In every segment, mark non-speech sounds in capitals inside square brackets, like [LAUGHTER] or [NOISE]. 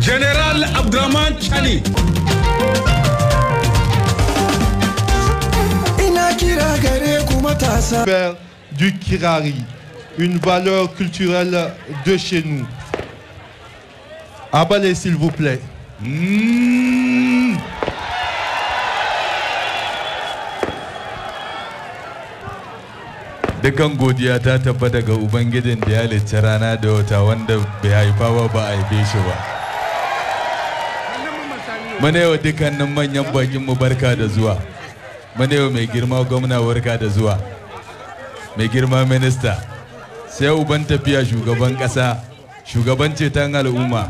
Général Abdraman Chani. du Kirari, une valeur culturelle de chez nous. Abalez s'il vous plaît. Mmh. dukan godiya ta tabbata daga ubangijin da ya lice rana da wata wanda bai haifa ba ba a haife shi ba muna yau dukkanin manyan bakin mu barka da zuwa muna yau mai girma gwamna barka da zuwa mai girma minista sai uban tafiya shugaban kasa shugaban ceton al'umma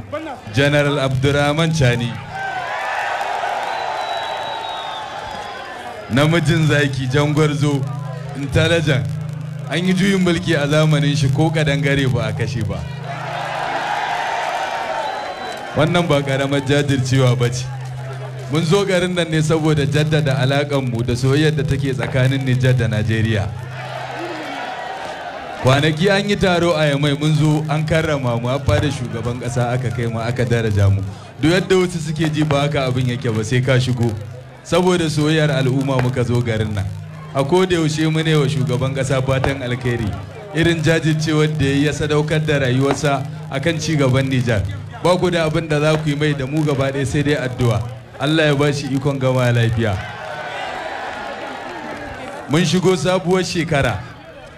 general abdurrahman chani namijin zaki jangwarzo intelligent an yi juyin mulki a zamanin shi ko gare ba a kashe ba wannan ba karamar jajircewa ba ce mun zo garin nan ne saboda jaddada alaƙanmu da soyayyar da take tsakanin nijar da najeriya kwanaki an yi taro a yamai mun zo an karrama mu an da shugaban ƙasa aka kai mu aka daraja mu duk yadda wasu suke ji ba haka abin yake ba sai ka shigo saboda soyayyar al'umma muka zo garin nan a koda yaushe mu ne wa shugaban kasa fatan alkhairi irin jajircewar da ya ya sadaukar da rayuwarsa akan ci gaban Nijar ba ku da abin da za ku yi mai da mu gaba ɗaya sai dai addu'a Allah ya ba ikon gama lafiya mun shigo sabuwar shekara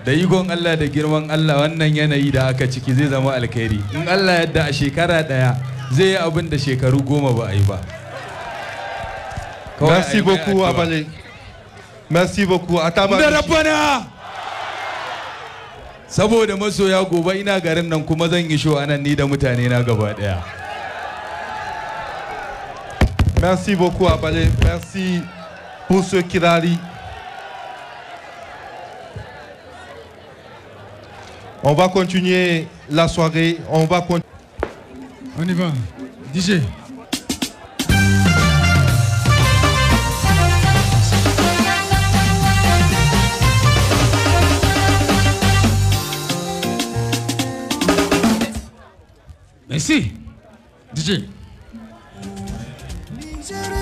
da ikon Allah da girman Allah wannan yanayi da aka ciki zai zama alkhairi in Allah yadda a shekara ɗaya zai yi abin da shekaru goma ba a yi ba Merci beaucoup, Merci beaucoup. Atama. Da Saboda masoya gobe ina garin nan kuma zan yi show anan ni da mutane na gaba daya. Merci beaucoup Abale. Merci pour ce Kirari. On va continuer la soirée. On va continuer. On y va. DJ. Merci. DJ.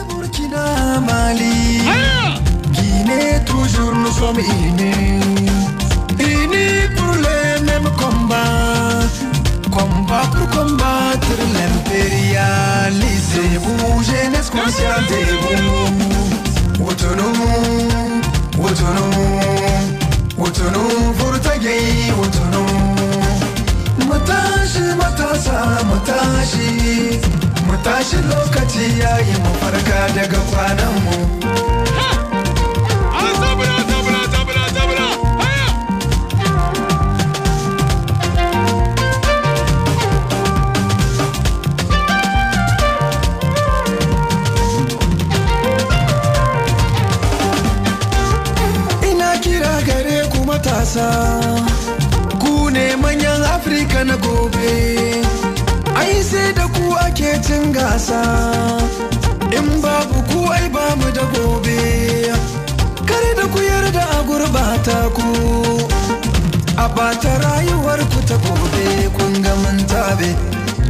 Burkina, Mali. Guinée, toujours nous sommes unis. Unis pour les mêmes combats. Combat pour combattre l'impérialisme. jeunesse conscientez-vous. Autonome, autonome, autonome pour ta gueule, autonome. matashi matasa mutashi, mutashi lokaci yayi mu farka daga kwanan mu Ina kira gare ku matasa Général na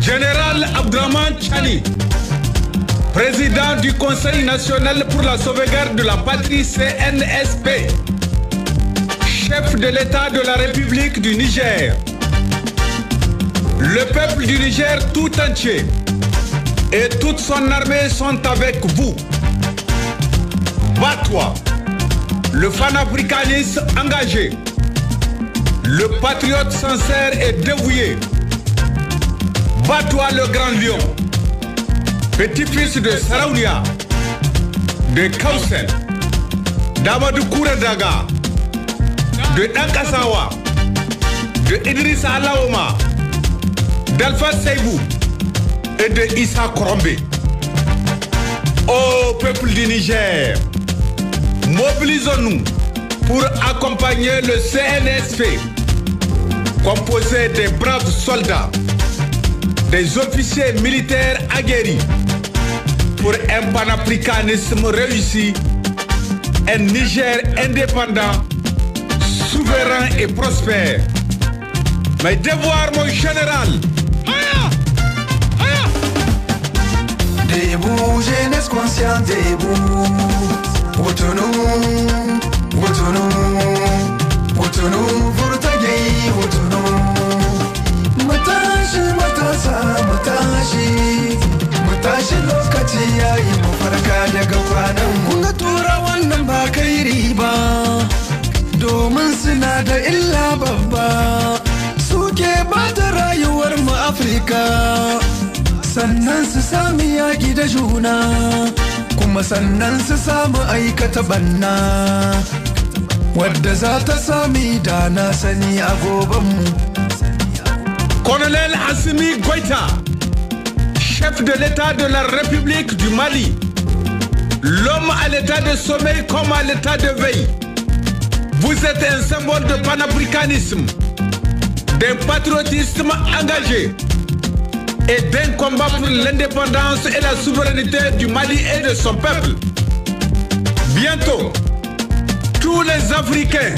General Abdraman Chani Président du Conseil national pour la sauvegarde de la patrie CNSP, chef de l'État de la République du Niger. Le peuple du Niger tout entier et toute son armée sont avec vous. Bat-toi, le africaniste engagé, le patriote sincère et dévoué. Bat-toi le grand lion, petit-fils de Saraounia, de Kausen, d'Amadou Kouradaga, de Dankasawa, de Idriss Alaoma d'Alpha Seibou et de Issa Korombe. Ô peuple du Niger, mobilisons-nous pour accompagner le CNSP, composé des braves soldats, des officiers militaires aguerris, pour un panafricanisme réussi, un Niger indépendant, souverain et prospère. Mes devoirs, mon général, Debout, jeunesse conscient, debout. Retenons, retenons, retenons, Voltaguer, retenons. Matage, matasa, matashi, matashi lokaci yayi mu farka daga kwanan mu. Ga tura ba kai riba, domin suna da illa babba. Suke bata rayuwar mu Afirka. sannan su sami da juna kuma sannan su banna wadda sani Colonel Asimi goita chef de l'État de la République du Mali, l'homme à l'état de sommeil comme à l'état de veille, vous êtes un symbole de panafricanisme, d'un patriotisme engagé, et d'un combat pour l'indépendance et la souveraineté du Mali et de son peuple. Bientôt, tous les Africains,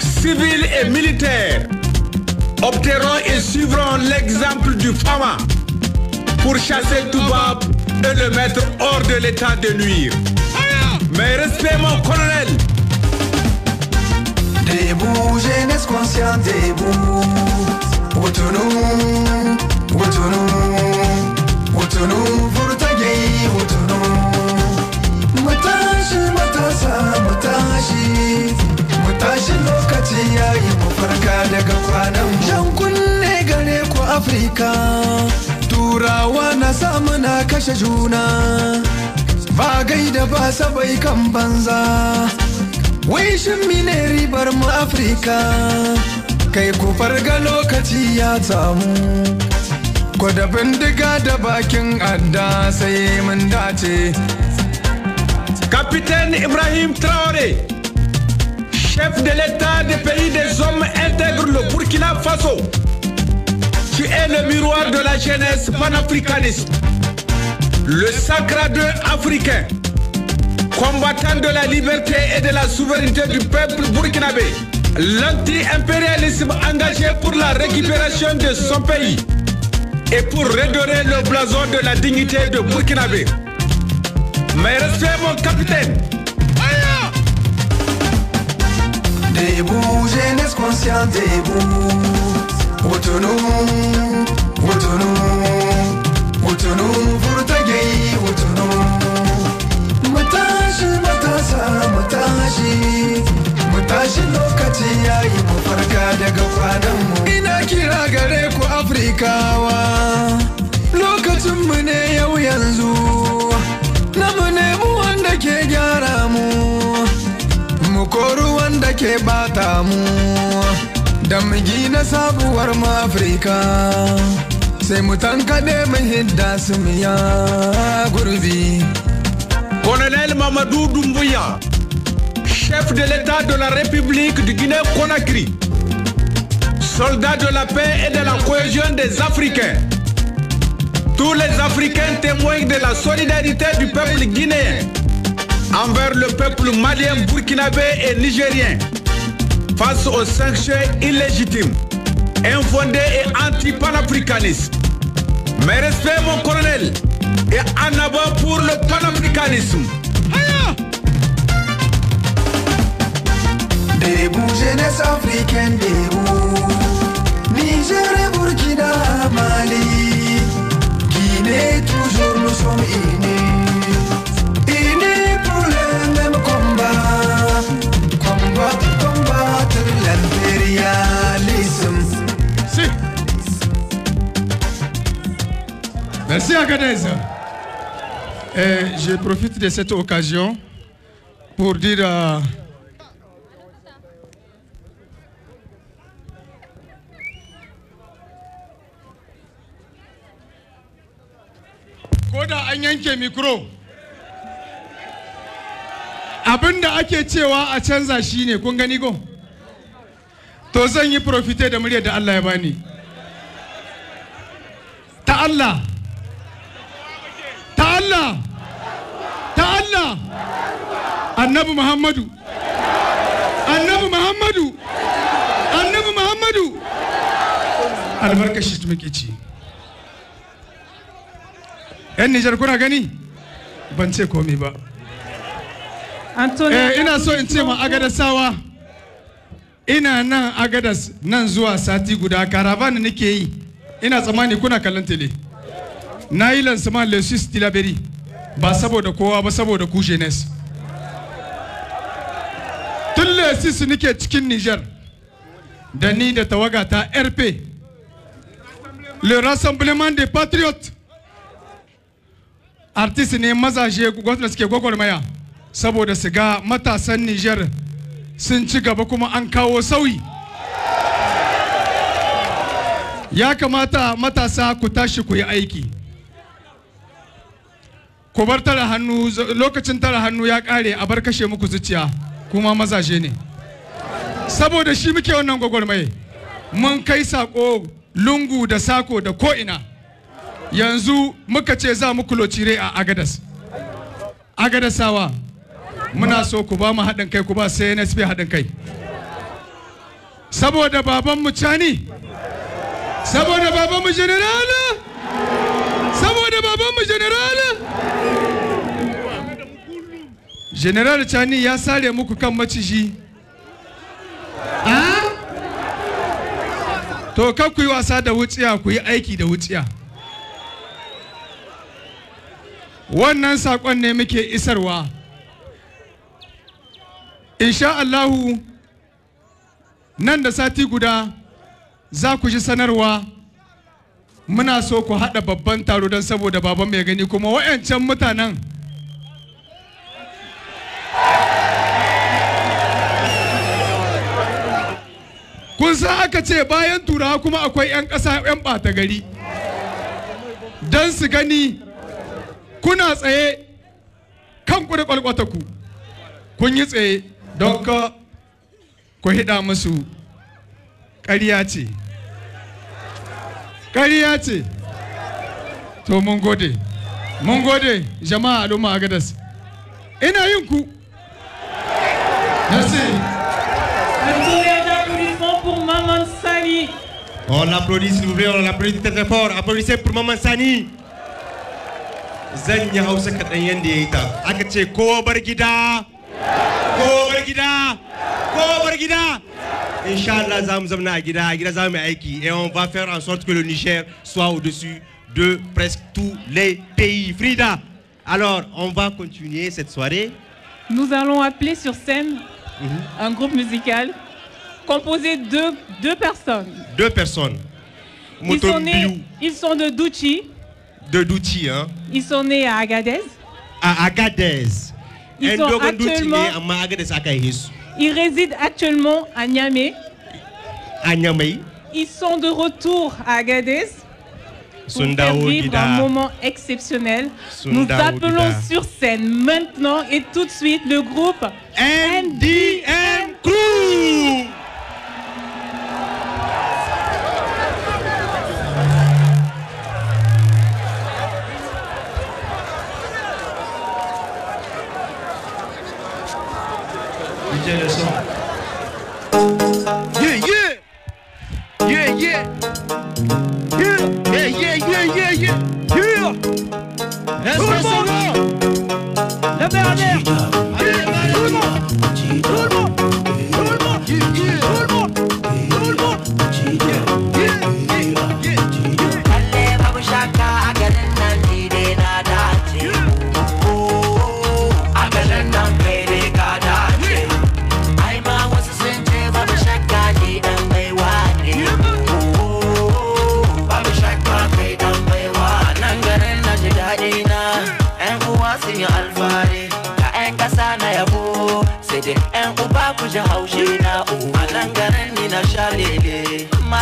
civils et militaires, opteront et suivront l'exemple du Fama pour chasser Toubab et le mettre hors de l'état de nuire. Mais respect mon colonel Debout, jeunesse consciente, debout, nous Wutunu, wutunu furtage wutunu. Matashi matasa matashi, matashi lokaci yayi mu farka daga kwanan Jan kunne gare ku Afrika, turawa na samu na kashe juna. Ba gaida ba sabai kan banza. Wai shin mine ribar mu Afirka, kai ku farga lokaci ya samu. Capitaine Ibrahim Traoré, chef de l'État des pays des hommes intègre le Burkina Faso. Tu es le miroir de la jeunesse panafricaniste, le sacradeur africain, combattant de la liberté et de la souveraineté du peuple burkinabé, l'anti-impérialisme engagé pour la récupération de son pays et pour redorer le blason de la dignité de Burkinabé. Mais restez mon capitaine. Debout, jeunesse consciente, debout. Retenons, retenons. colonel mamadou Doumbouya, chef de l'état de la république du guinée conakry soldat de la paix et de la cohésion des africains tous les africains témoignent de la solidarité du peuple guinéen envers le peuple malien, burkinabé et nigérien face aux sanctions illégitimes, infondé et anti-panafricanistes. Mais respects, mon colonel, et en avant pour le panafricanisme. Debout, jeunesse africaine, debout. Niger et Burkina, Mali. Guinée, toujours nous sommes innés. Merci Agadez. Et je profite de cette occasion pour dire à... Koda an yanke mikro. Abin da ake cewa a canza shi ne, kun gani go? To zan yi profite da muryar da Allah ya bani. Ta Allah. Allah ta Allah annabi Muhammadu annabi Muhammadu annabi Muhammadu albarkashi muke ci yan Nijar kuna gani ban ce komai ba eh ina so in ce ma agadasawa ina nan agadas nan zuwa sati guda karavan nake yi ina tsammani kuna kallon tele na yi lansama lesus tilaberi ba saboda kowa ba saboda jeunesse tun ni nike cikin niger da ni da tawaga ta rp le rassemblement des patriotes artist ne mazaje gwamnati suke gwagwarmaya saboda su ga matasan niger sun ci gaba kuma an kawo sauyi ya kamata matasa ku tashi ku yi aiki ku bar tara hannu lokacin tara hannu ya kare a bar kashe muku zuciya kuma mazaje ne saboda shi muke wannan gwagwarmaye mun kai sako lungu da sako da ko'ina yanzu muka ce za mu kulocire a agadas agadasawa muna so ku ba mu haɗin kai ku ba sai cnsp haɗin kai saboda babanmu cani saboda babanmu generala saboda babanmu general general chani ya sare muku kan maciji ah? to kan ku yi wasa da wuciya ku yi aiki da wuciya wannan sakon ne muke isarwa insha Allahu nan da sati guda za ku ji sanarwa muna so ku haɗa babban taro don saboda baban mai gani kuma wa'yancan mutanen kun san aka ce bayan turawa kuma akwai 'yan ƙasa 'yan ɓata gari don su gani kuna tsaye kan da kwalkwata ku kun yi tsaye don ka ku hida musu ƙarya ce kariya ce to mun gode mun gode jama'a al'umma a gadas ina yin ku merci On l'applaudit s'il vous plaît, on l'applaudit très très fort. Applaudissez pour Maman Sani. Zen yi hausa kaɗan yadda ya yi ta. Aka ce kowa bar gida, kowa bar gida, kowa bar gida. et on va faire en sorte que le Niger soit au-dessus de presque tous les pays. Frida, alors on va continuer cette soirée. Nous allons appeler sur scène mhm. un groupe musical composé de deux personnes. Deux personnes. Ils sont, de Douchi. De Douchi, hein. Ils sont nés à Agadez. À Agadez. Ils sont actuellement... Ils résident actuellement à Niamey. À Niamey. Ils sont de retour à Agadez. Pour vivre un moment exceptionnel. Nous appelons sur scène maintenant et tout de suite le groupe NDM Crew. Bernard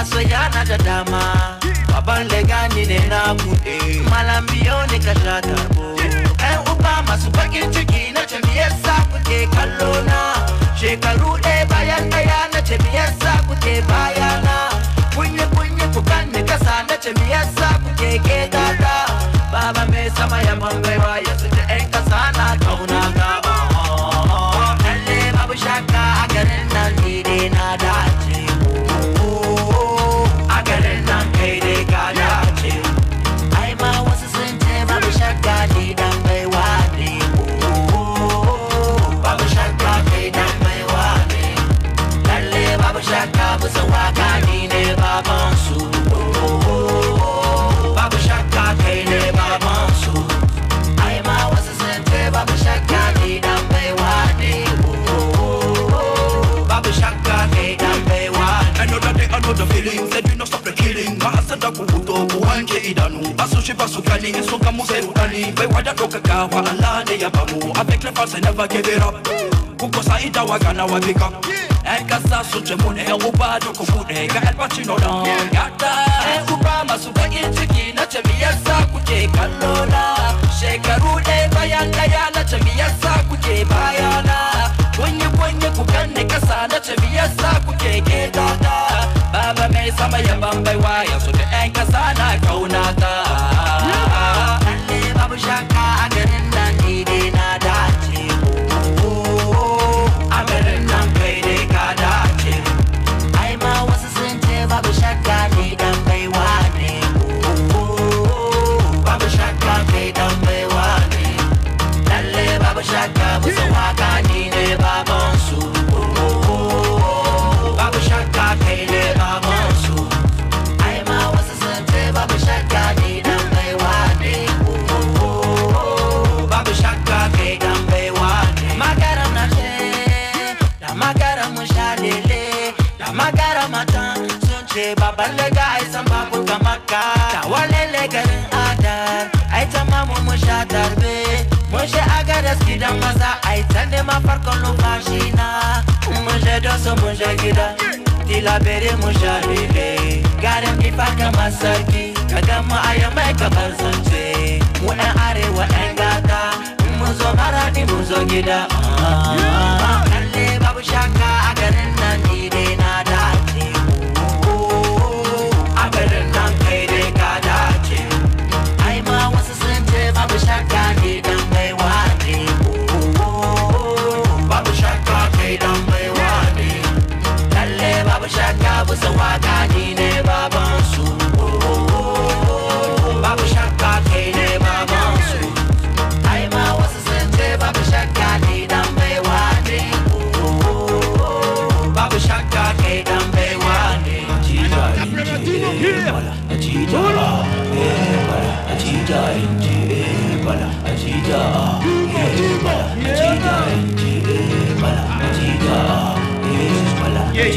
Nasojana gadama Babande gani nena kude Malambio ne kashata bo Ɗan eh, uba masu bakin ciki na ce me yasa kuke kallo na Shekaru ɗaya bayan ɗaya bayana Kunye kunye kukan ni kasa na ce me yasa kuke Baba mai sama ya mangaiwa ya pas soukani, ils sont comme Ouzeroukani Bewada kokakawa, Allah ne yabamu Avec les farces, never give it up Kuko saida wagana wabika Enkasa suje mune, uba doko mune Ka elpa chino na Gata, e uba masuka inchiki Na chemiyasa kalona Shekaru ne bayana ya Na chemiyasa kuje bayana Kwenye kukane kasa Na chemiyasa kuje gedada Baba me sama ya da gidan maza Ayi ta nema farkon numfashi na mun je doso mun gida tilabere mun sha ribe garin ifa kamar sarki ka gama ayo mai kamar zance mu yan arewa yan gata mun zo ni mun zo gida kalle ah, ah, ah. babu shaka a garin nan ni na da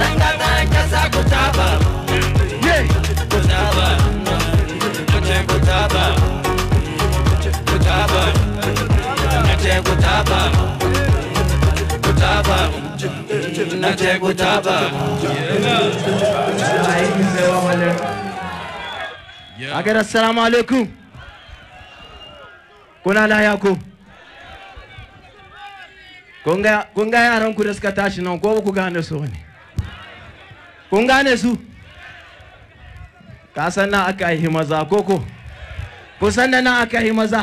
zanga ku ce na ce na ce Agar assalamu alaikum kuna laya ko kun ga yaran ku da suka tashi nan ko ba ku gane su ne kun gane su ka san na aka yi maza koko kun san na aka yi maza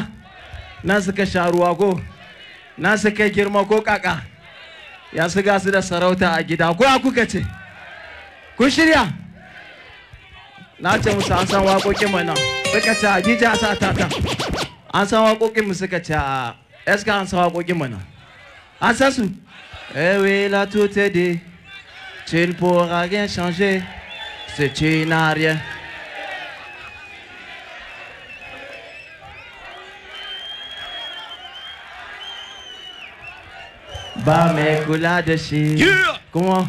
na suka sharuwa ko na suka girma ko kaka ya su ga su da sarauta a gida ko kuka ce kun shirya na ce musu an san waƙoƙin mana suka ce a gija ta ta ta an san waƙoƙin mu suka ce a eska an san waƙoƙin mana an san su ewe eh, latote de Tu ne pourras rien changer si tu n'as rien. Bah mes de de Comment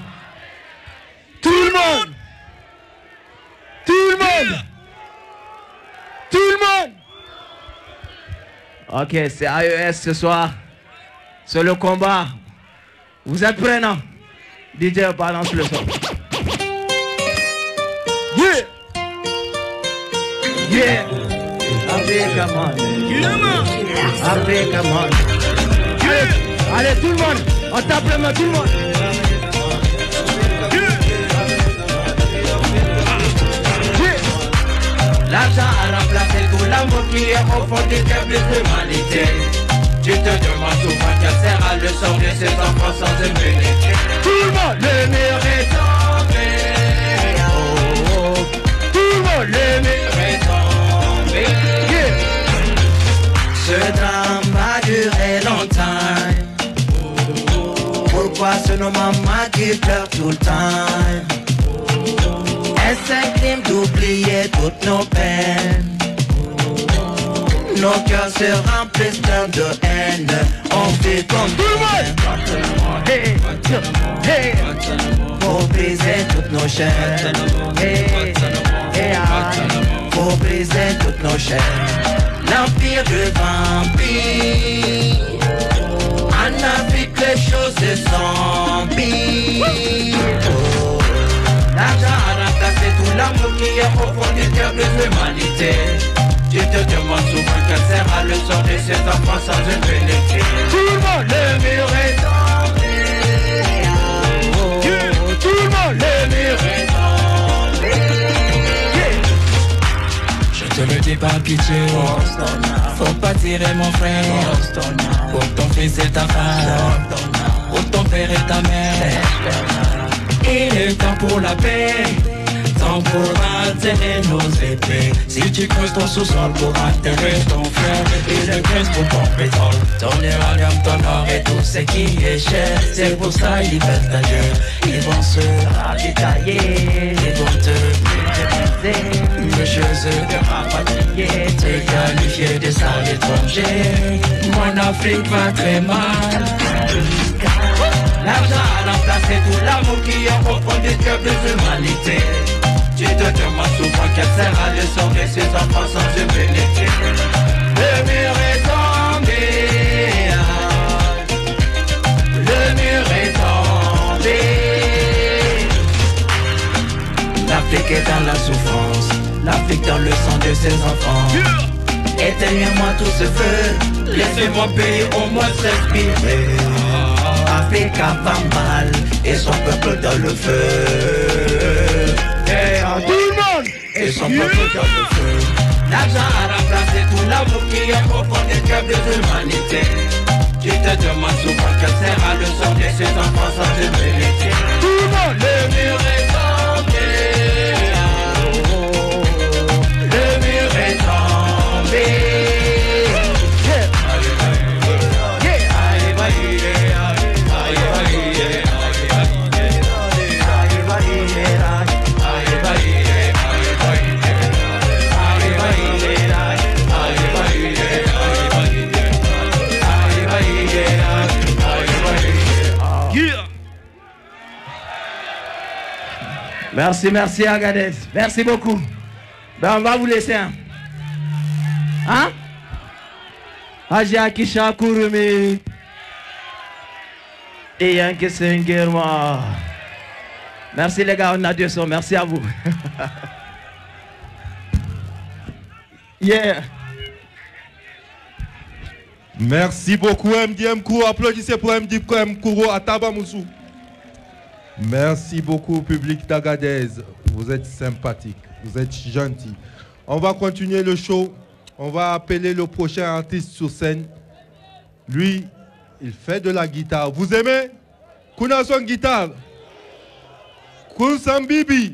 Tout le monde Tout le monde Tout le monde Ok, c'est AES ce soir. C'est le combat. Vous êtes prêts, non DJ balance le son. Yeah! Yeah! Africa money. Yeah, Africa Yeah. Allez, allez, tout le monde, on tape le main, tout le monde. L'argent a remplacé tout l'amour qui est au fond du cœur de l'humanité. Tu te demandes souvent qui sera le sort de ces enfants sans démener Tout le monde le mur est tombé Tout le monde le mur est tombé Ce drame a duré longtemps Pourquoi ce nos maman qui pleure tout le temps Est-ce un crime d'oublier toutes nos peines Nos cœurs se système de haine. On fait comme tout le monde. Hey, hey, pour briser toutes nos chaînes. Hey, hey, pour briser toutes nos chaînes. L'empire du vampire. En Afrique, les choses sont pires. Oh. L'argent a remplacé tout l'amour qui est au fond du cœur de l'humanité. Tu te demandes souvent quel sera le sort de cet enfant sans une bénédiction. Tout le monde, le mur est tombé. Tout le monde, le mur est tombé. Je te le dis par pitié. Faut pas tirer mon frère. Pour ton fils et ta femme. Pour ton père et ta mère. Il est temps pour la paix. Pour pourra nos épées Si tu creuses ton sous-sol pour atterrir ton frère Et le caisse pour ton pétrole Ton uranium, ton or et tout ce qui est cher C'est pour ça ils veulent ta gueule Ils vont se ravitailler Ils vont te budgétiser Le jeu de rapatrier Te qualifier de sale étranger Mon Afrique va très mal L'argent a remplacé tout l'amour qui a profondé fond du cœur de l'humanité tu te demandes souvent qu'elle sert à de sauver ses enfants sans se bénéficier. Le mur est tombé. Le mur est tombé. L'Afrique est dans la souffrance. L'Afrique dans le sang de ses enfants. Éteignez-moi tout ce feu. Laissez moi pays au moins s'inspirer. Afrique pas mal et son peuple dans le feu terre. Tout le monde Et son propre de feu. L'argent a remplacé tout l'amour qui est profond des cœurs de l'humanité. Tu te demandes souvent quel sera le sort de ces enfants sans vérité. Tout le monde Le mur Merci, merci Agadez. Merci beaucoup. Ben, on va vous laisser. Hein? hein? Haja Et Yanke Merci les gars, on a deux sons. Merci à vous. [LAUGHS] yeah. Merci beaucoup MDM Kourou. Applaudissez pour MDM Kourou à Tabamoussou. Merci beaucoup, public d'Agadez. Vous êtes sympathique, vous êtes gentil. On va continuer le show. On va appeler le prochain artiste sur scène. Lui, il fait de la guitare. Vous aimez Kuna guitare Kunsan Bibi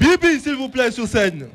Bibi, s'il vous plaît, sur scène.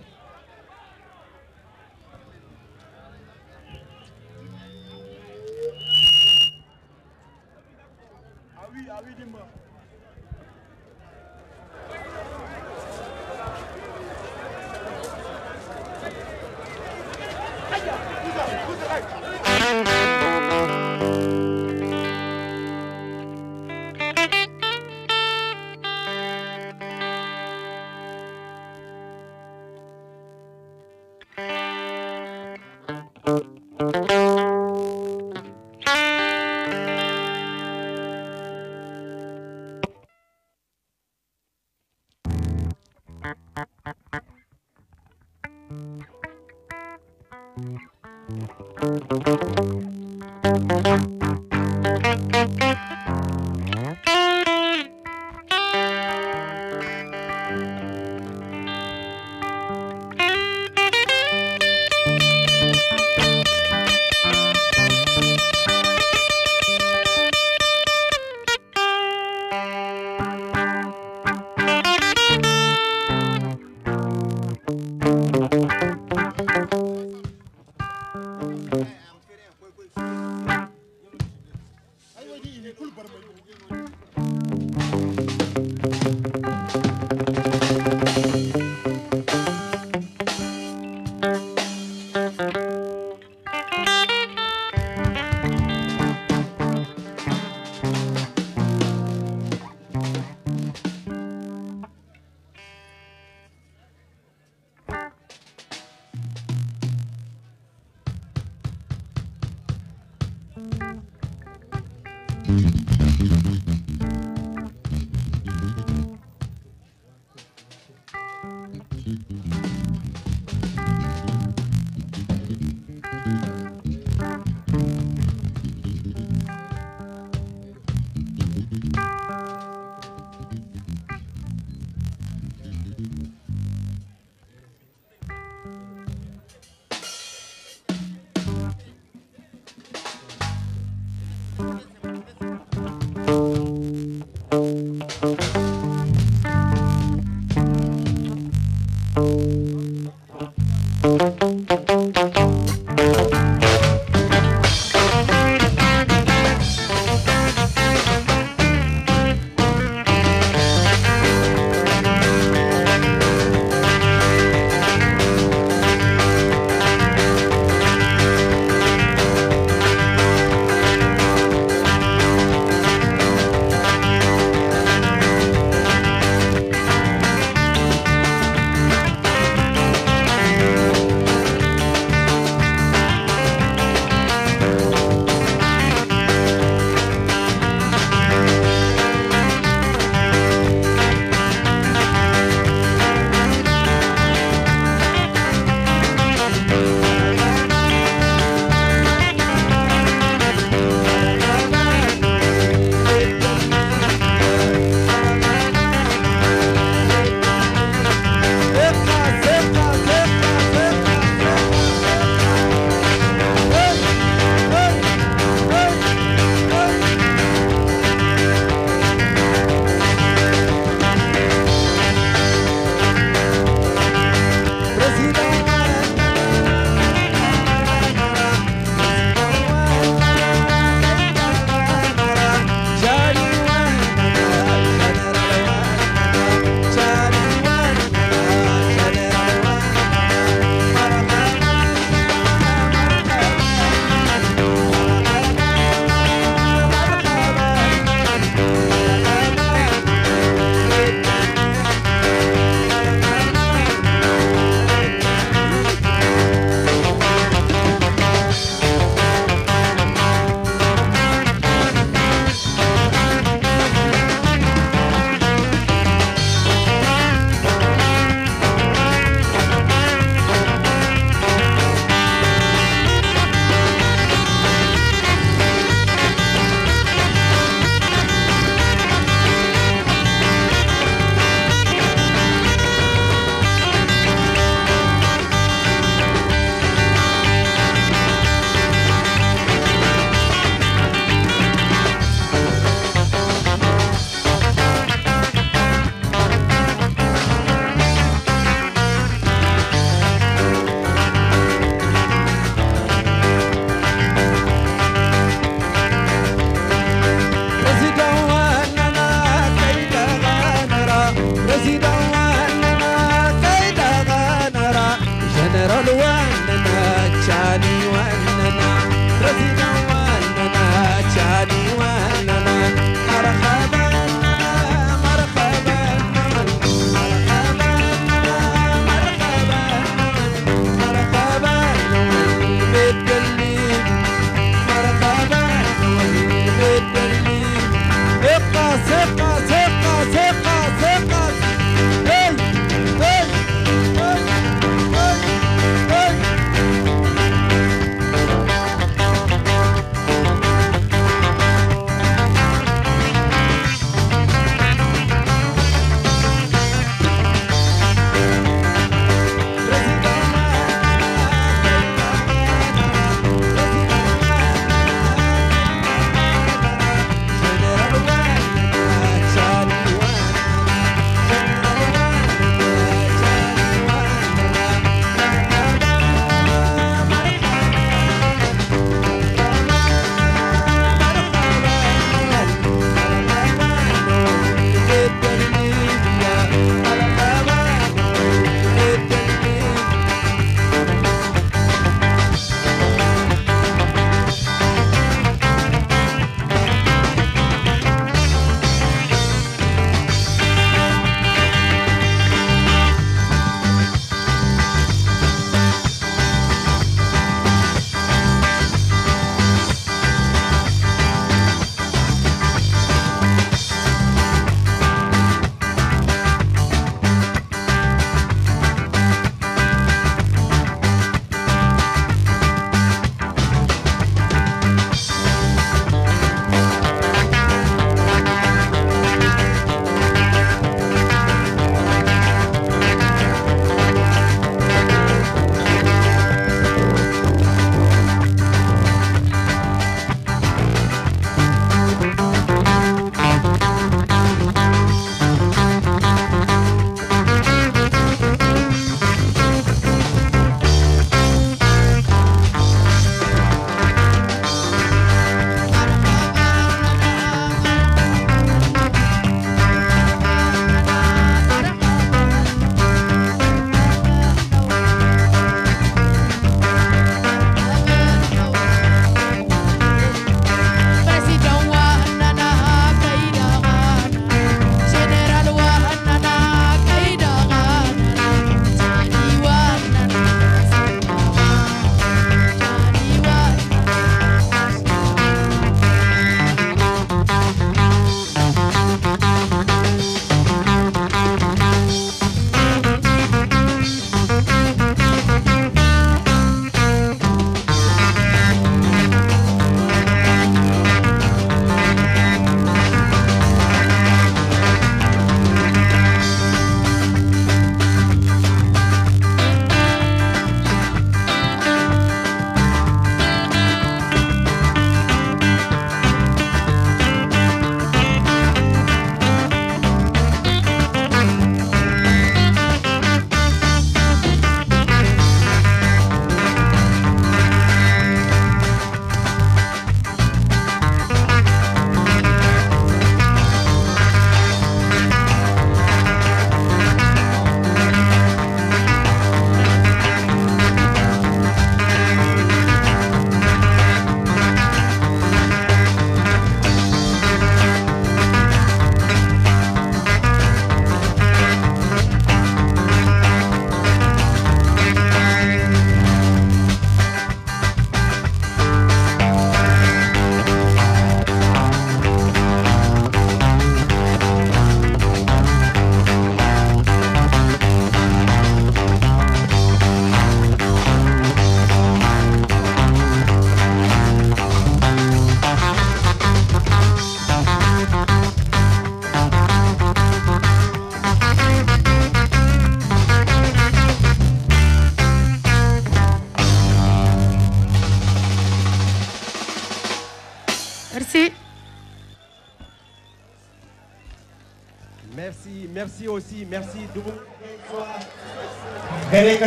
Merci aussi, merci.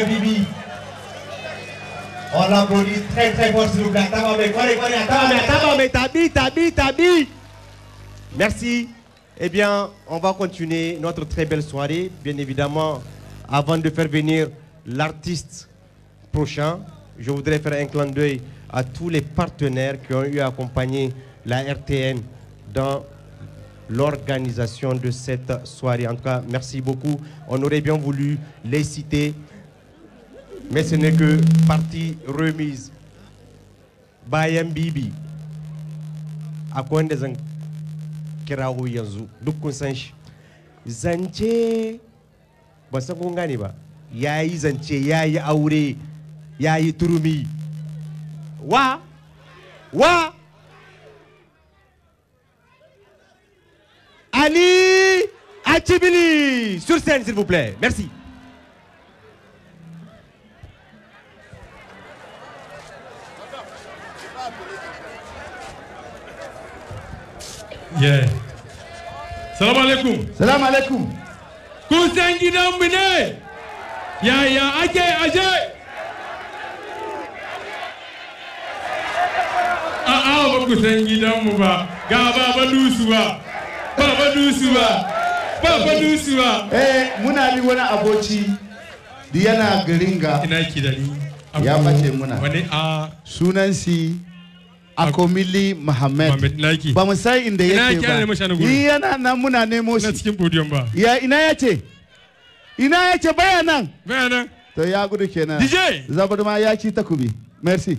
Bibi. très très fort Merci. Eh bien, on va continuer notre très belle soirée. Bien évidemment, avant de faire venir l'artiste prochain, je voudrais faire un clin d'œil à tous les partenaires qui ont eu à accompagner la RTN dans l'organisation de cette soirée. En tout cas, merci beaucoup. On aurait bien voulu les citer, mais ce n'est que partie remise. By Bibi, a quoi des kirawo yanzu on kun Zanche, ba aure, ya turumi. Wa, wa, Ali Achibili Sur scène, s'il vous plaît. Merci. Yeah. Salam alaikum. Salam alaikum. Kusengi gidan Ya. Ya ya ake aje? A'a ah, ah, ba kusan gidan mu ba, ga ba fadusu ba ba ba eh muna yi wani aboci da yana giringa. ina ki dari ya bace muna wani a sunan si akomili Muhammad ba mu sai inda yake ba yana nan muna nemo shi na cikin podium ba ya ina yace ina yace baya nan baya nan to ya gudu kenan DJ zabaduma ya ci takubi merci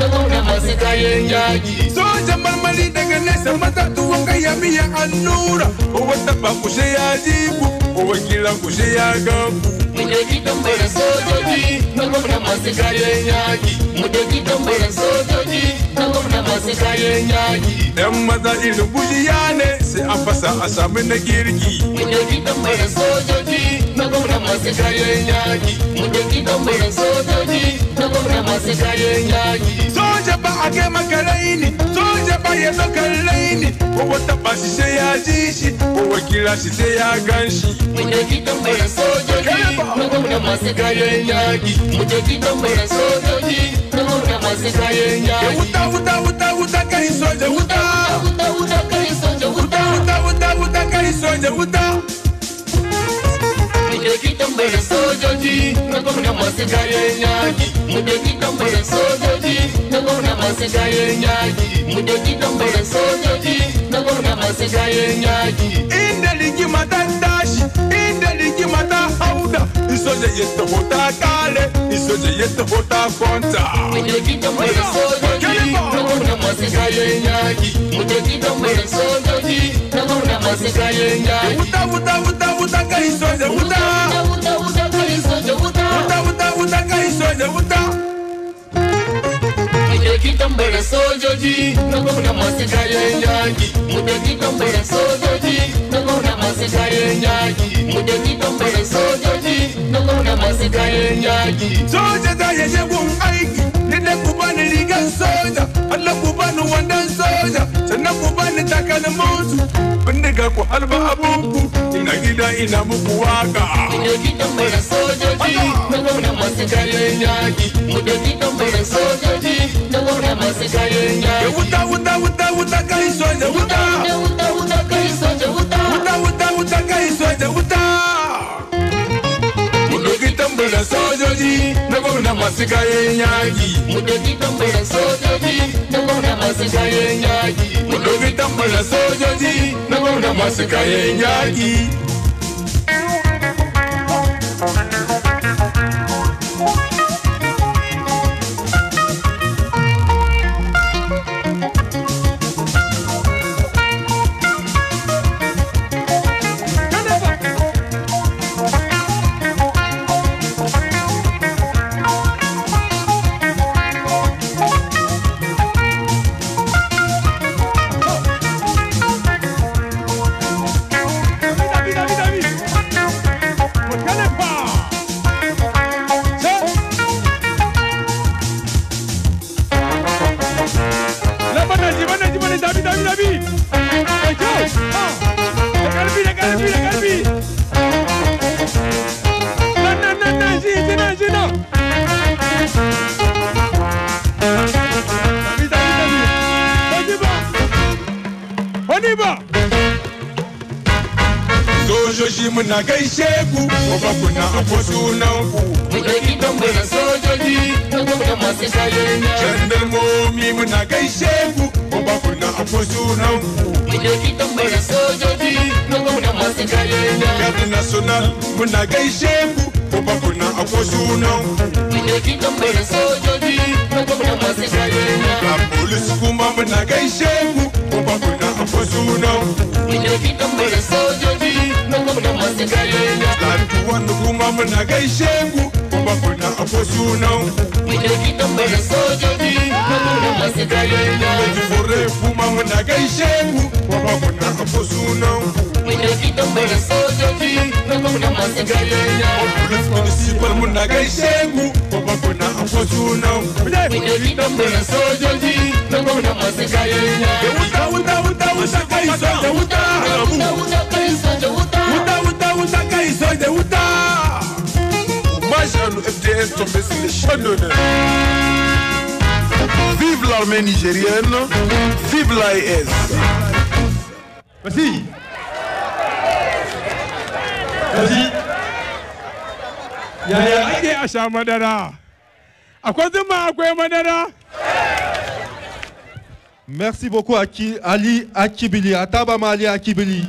ta zauna masu kayan yaƙi. Sojan marmari daga nesa mata tuwon gaya miya annura, kowa taɓa kushe ya ji ku, kowa kira kushe ya ga ku. Mu ɗauki tambarin sojoji na gwamna masu kayan yaƙi. Mu ɗauki tambarin sojoji na gwamna masu kayan yaƙi. Yan maza irin gujiya ne sai a fasa a sami na kirki. Mu ɗauki tambarin sojoji na gwamna masu kayan yaki mu ɗauki sojoji na gwamna masu kayan soja ba a kai maka raini soja ba ya ɗaukar raini kowa taɓa shi sai ya ji shi kowa kira shi sai ya gan shi mu ɗauki gambarin sojoji na gwamna masu e kayan yaki mu ɗauki gambarin sojoji na gwamna masu e kayan yaki wuta wuta wuta wuta kai soja wuta wuta wuta kai soja wuta wuta wuta wuta kai soja wuta dauki tambarin sojoji na gwamna masu kayan yaki mu dauki tambarin sojoji na gwamna masu kayan yaki mu dauki tambarin sojoji na gwamna masu kayan yaki inda rigima ta tashi inda rigima ta hauda isoje ya taho ta kare isoje ya taho ta kwanta mu dauki tambarin sojoji na gwamna masu kayan yaki mu para tambarin sojoji Muda, mas você cai em gai Muda, muda, muda, muda, cai em soja Muda, muda, muda, cai em soja Muda, muda, muda, muda, cai em soja Muda Mudaki tambara sojoji Na gwamna masu kayan yaki Mudaki tambara sojoji Na gwamna masu kayan yaki Mudaki tambara sojoji Na gwamna masu kayan yaki Soja ta yashe gun aiki Ni da kuma bani rigar soja Allah ku bani wandan soja sannan ku bani takalmin su bindiga ku halba abubu ina gida ina muku waka mu gidan mai sojoji na gwamna masu kayan yaki mu gidan mai sojoji na gwamna masu kayan yaki wuta wuta wuta wuta kai soja wuta wuta wuta kai soja wuta wuta wuta wuta kai soja wuta mu gidan mai sojoji asigaye nyagi mudogi tambala sojoji nabona masigaye nyagi David. Hey, yo. Calvi, Calvi, muna gaishe ku kuma kuna abu sunan ku mu ɗauki tambara sojoji da kuma masu shayoyin jandarmomi muna gaishe ku kuma kuna abu sunan ku mu ɗauki tambara sojoji da kuma masu shayoyin gadi national muna gaishe ku kuma kuna abu sunan ku mu ɗauki tambara sojoji da kuma masu shayoyin ga polis kuma muna gaishe ku kuma kuna abu sunan ku mu ɗauki tambara sojoji da masu gayen ya lantuwan da kuma muna gaishe ku kuma kuna akwai sunan mu ɗauki tambar sojoji kuma da masu gayen ya da fure kuma muna gaishe ku kuma kuna akwai sunan mu ɗauki tambar sojoji kuma da masu gayen ya da fure municipal muna gaishe ku kuma kuna akwai sunan mu ɗauki tambar ya da wuta wuta wuta wuta kai da wuta da wuta Outa, outa, outa, Kaizoy de outa. Moi j'ai un FDS tombé sur les champs d'honneur. Vive l'armée nigérienne, vive l'AES. Merci. Merci. Yaya ake a sha madara. madara. Merci beaucoup à Ali Akibili, à Tabama Ali Akibili.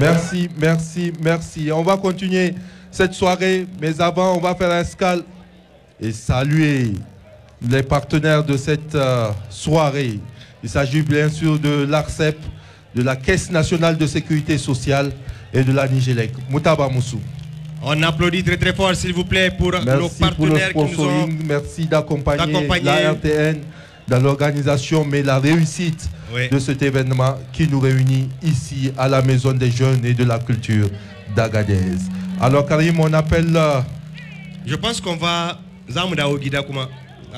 Merci, merci, merci. On va continuer cette soirée, mais avant, on va faire un escale et saluer les partenaires de cette euh, soirée. Il s'agit bien sûr de l'ARCEP, de la Caisse nationale de sécurité sociale et de la Nigélec. Moutaba Moussou. On applaudit très très fort, s'il vous plaît, pour nos partenaires qui nous ont. Merci d'accompagner la RTN dans l'organisation, mais la réussite de cet événement qui nous réunit ici à la Maison des Jeunes et de la Culture d'Agadez. Alors Karim, on appelle... Euh... Je pense qu'on va... Zamudao Gidakuma.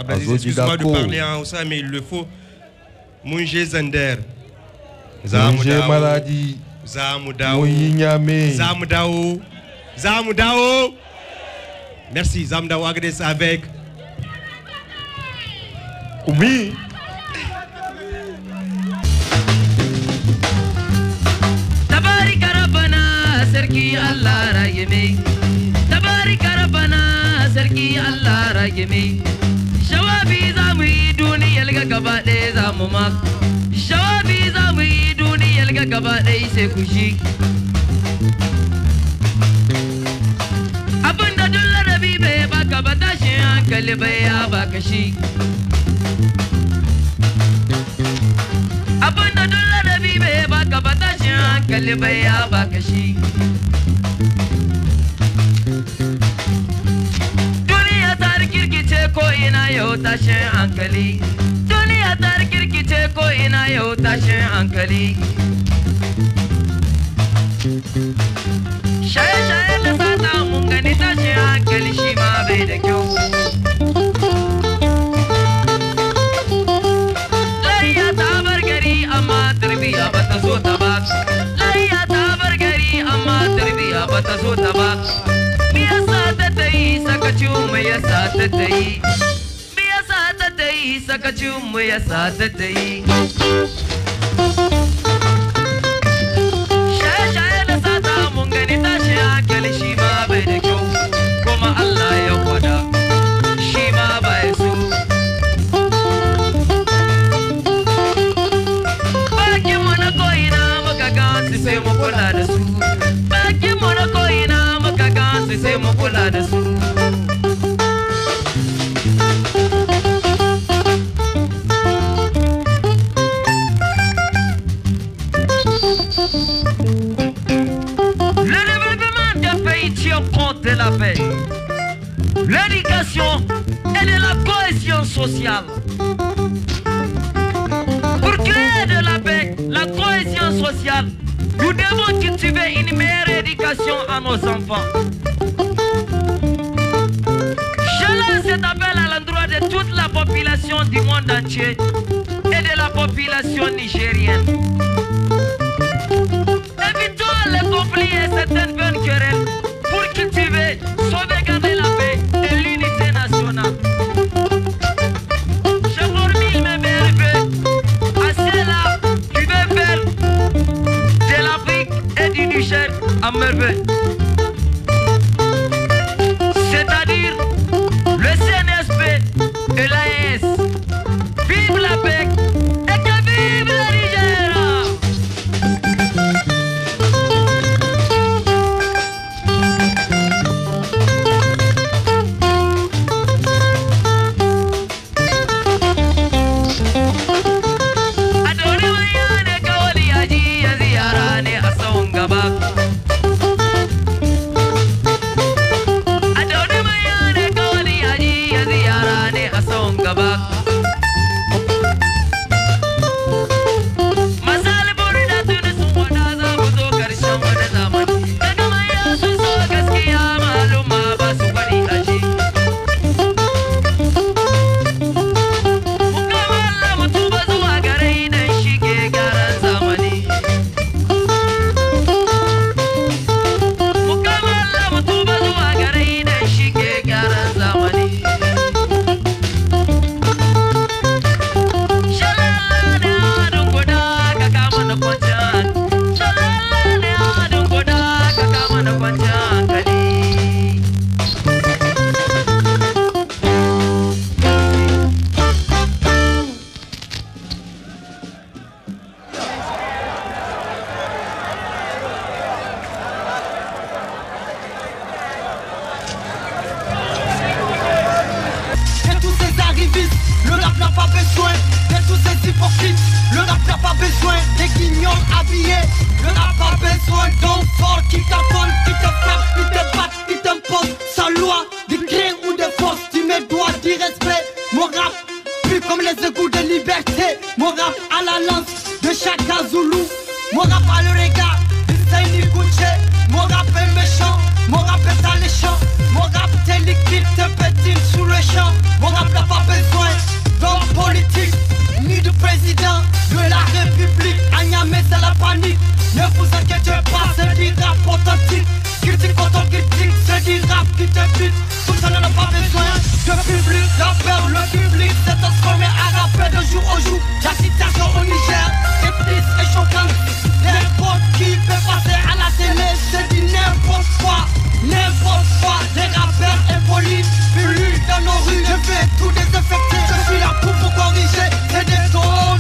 Excuse-moi de parler en Hausa, mais il le faut. Mungé Zender. Mungé Maladi. Zamudao. Zamoudao. Zamudao. Merci, Zamudao Agadez avec... Kumi. Tabarika rabbana sarki Allah rayime. Tabarika rabbana sarki Allah rayime. Shawabi za mu yi duniyar ga gaba ɗaya za mu ma. Shawabi za mu yi duniyar ga gaba ɗaya sai ku shi. Abin da duk larabi bai baka ba tashin hankali bai ya ba tashin hankali bai ya baka shi duniya ta rikirkice ko ina yau tashin hankali duniya ta rikirkice ko ina yau tashin hankali shaye-shaye da sata mun gani tashin hankali shi ma bai da kyau bata so ta ba ayya ta bar gari amma tarbiya bata ta ba me yasa ta ta yi me ta ta yi Pour créer de la paix, la cohésion sociale, nous devons cultiver une meilleure éducation à nos enfants. Je lance cet appel à l'endroit de toute la population du monde entier et de la population nigérienne. Évitons les conflits et certaines bonnes querelles plus dans nos rues Je fais tout désinfecter Je suis là pour vous corriger C'est des taureaux,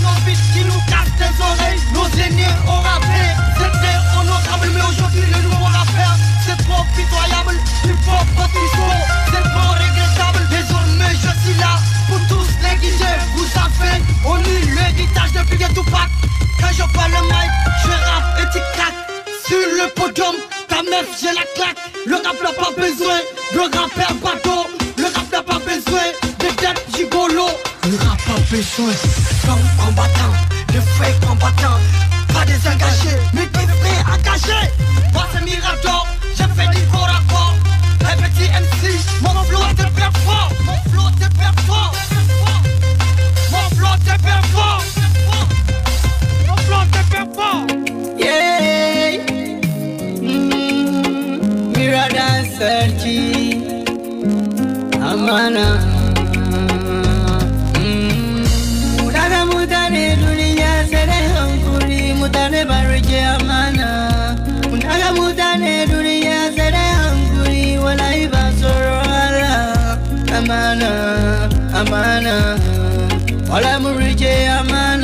qui nous cassent les oreilles Nos aînés ont rappelé C'était honorable mais aujourd'hui le nouveau rappeur C'est trop pitoyable Du faut C'est trop regrettable Désormais je suis là pour tous les guider Vous savez, on eut l'héritage depuis que tout Quand je parle le mic, je rappe et tic-tac Sur le podium ta meuf, j'ai la claque, le rap n'a pas besoin Le de est un bateau. Le rap n'a pas besoin des têtes gigolo. Le rap pas besoin Comme combattant, de faits combattant, Pas désengagé, mais des engagé. engagés. Moi, c'est Mirador, j'ai fait des gros rapports. Un petit MC, mon flow est bien fort. Mon flow est bien fort. Mon flow est bien fort. sarki amana mm. Mutane mutane dunia sere dai hankuri mutane ba rike amana Mutane mutane dunia sere dai hankuri wallahi ba tsoro amana amana Wala mu rike amana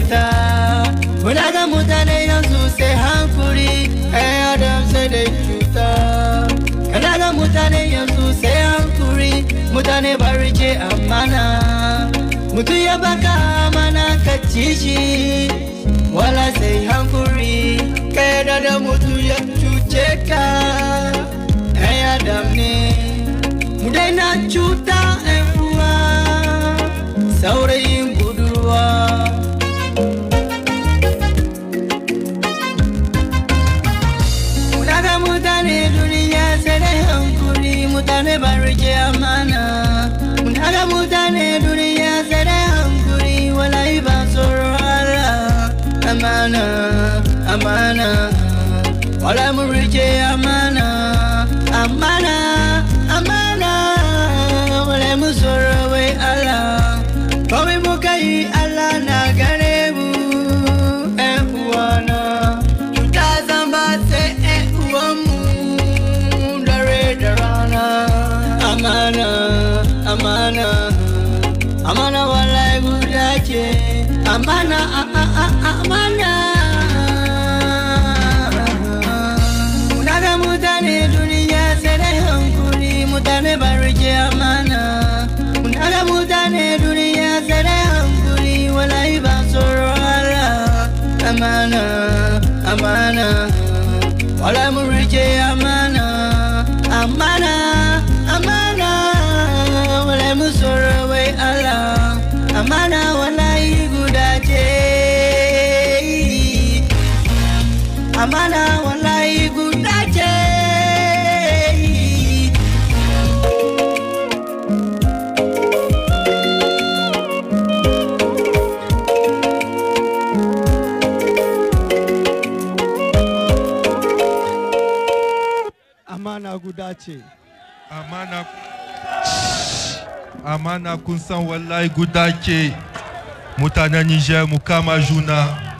cuta muna mutane yanzu sai hankuri eh adam sai dai cuta kana mutane yanzu sai hankuri mutane ba rike amana Mutu ya baka amana ka wala sai hankuri Kaya yarda mutu ya cuce eh adam ne mu daina cuta ɗan eh, uwa saurayi mureke amana, amana, amana. Wale muzoro we ala, kowe mukai ala na garebu ehuana. Tutazamba se ehuamu dare darana, amana, amana, amana wale gudake, amana, amana. amana. it. amana amana kun wallahi guda Niger mu juna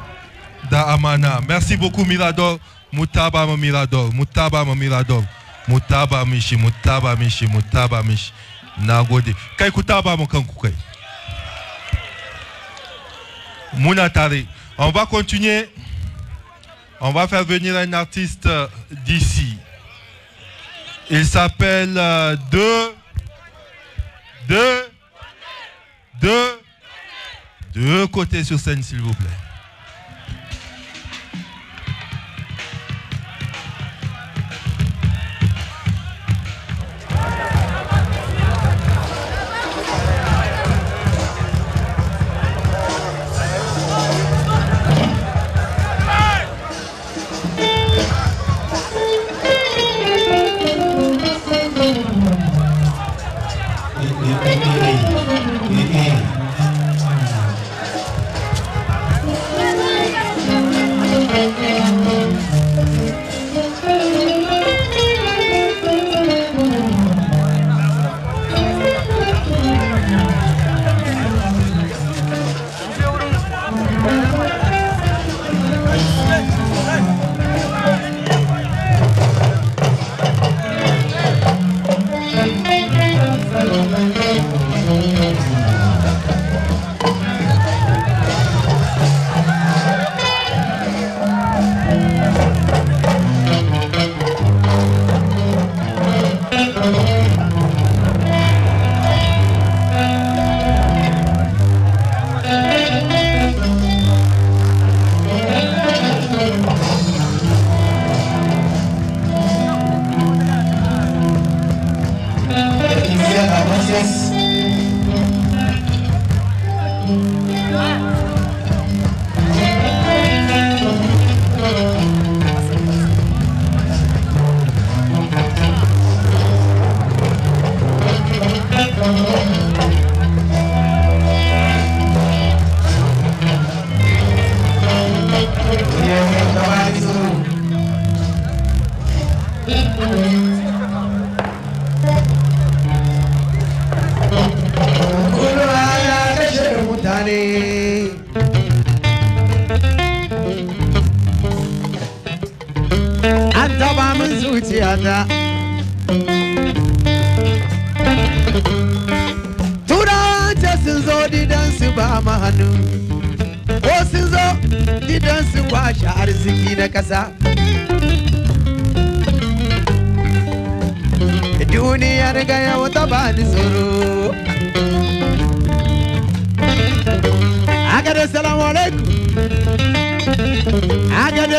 da amana merci beaucoup Mirador mutaba ma Mirador mutaba ma Mirador mutaba mishi mutaba mishi mutaba mishi nagode kai ku taba mu kai on va continuer on va faire venir un artiste d'ici il s'appelle 2, 2, 2, 2 côtés sur scène, s'il vous plaît.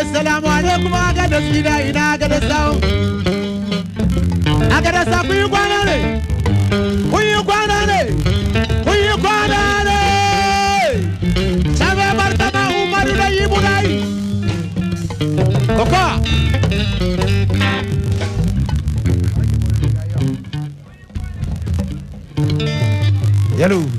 Assalamu alaikum a ga da sina ina ga da sawu. A ga da sa kun yi kwana ne, kun yi kwana ne, kun yi kwana ne. Sabe martaba Umaru da yi bugai. Koko. Yellow.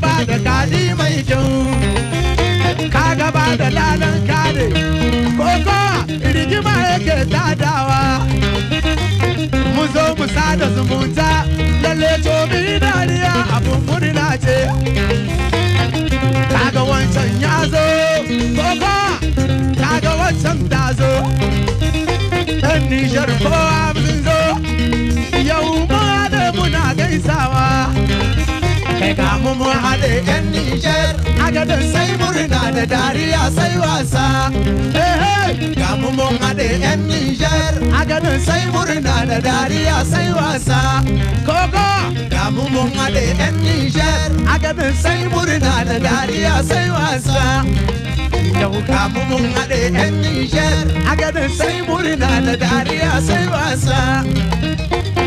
kaji ba da kaji mai kyau ka gaba da lalan kare koko rigima yake tadawa mu zo mu sada zumunta lalle to mi dariya abun murna ce ga wancan ya zo ka ga wancan ta zo ɗan nijar ko zo yau ma da muna gaisawa kai ga mu mun haɗe yan Nijar agadan sai murna da dariya sai wasa ga mu mun haɗe yan Nijar agadin sai murna da dariya sai wasa koko ga mu mun haɗe yan Nijar agadan sai murna da dariya sai wasa yau ga mu mun haɗe yan Nijar agadan sai murna da dariya sai wasa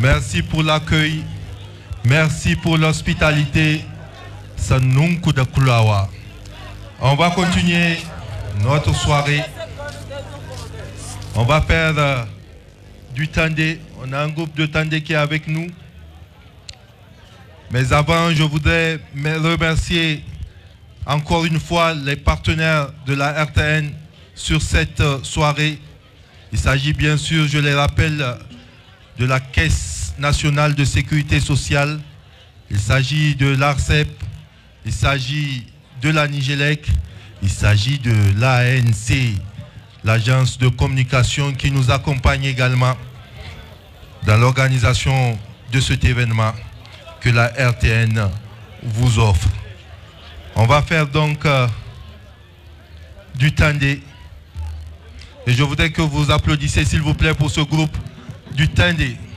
Merci pour l'accueil. Merci pour l'hospitalité. de On va continuer notre soirée. On va faire du Tandé. On a un groupe de Tandé qui est avec nous. Mais avant, je voudrais remercier encore une fois les partenaires de la RTN sur cette euh, soirée. Il s'agit bien sûr, je les rappelle, de la Caisse nationale de sécurité sociale, il s'agit de l'ARCEP, il s'agit de la Nigelec, il s'agit de l'ANC, l'agence de communication qui nous accompagne également dans l'organisation de cet événement que la RTN vous offre. On va faire donc euh, du tandé. Et je voudrais que vous applaudissiez, s'il vous plaît, pour ce groupe du des...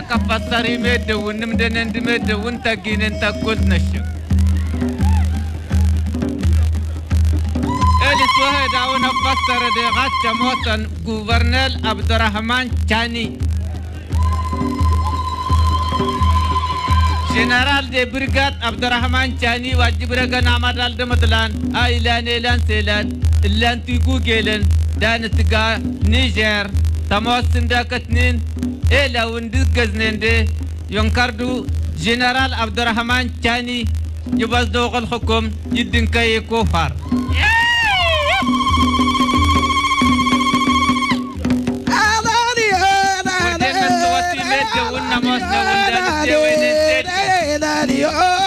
كفتر يمدون نمدن ندمدون جين انت كنت نشك اليس واحد او نفتر دي غات موتن غوفرنال عبد الرحمن تاني جنرال دي برغات عبد الرحمن تاني واجب رغن عمد الدمتلان ايلان ايلان سيلان اللان تيقو جيلن دانتقا نيجر تموسن داكتنين e lawundi gaznende yonkardu جنرال عبد الرحمن تاني يبز دوغ الحكم يدن كي كفر Yeah.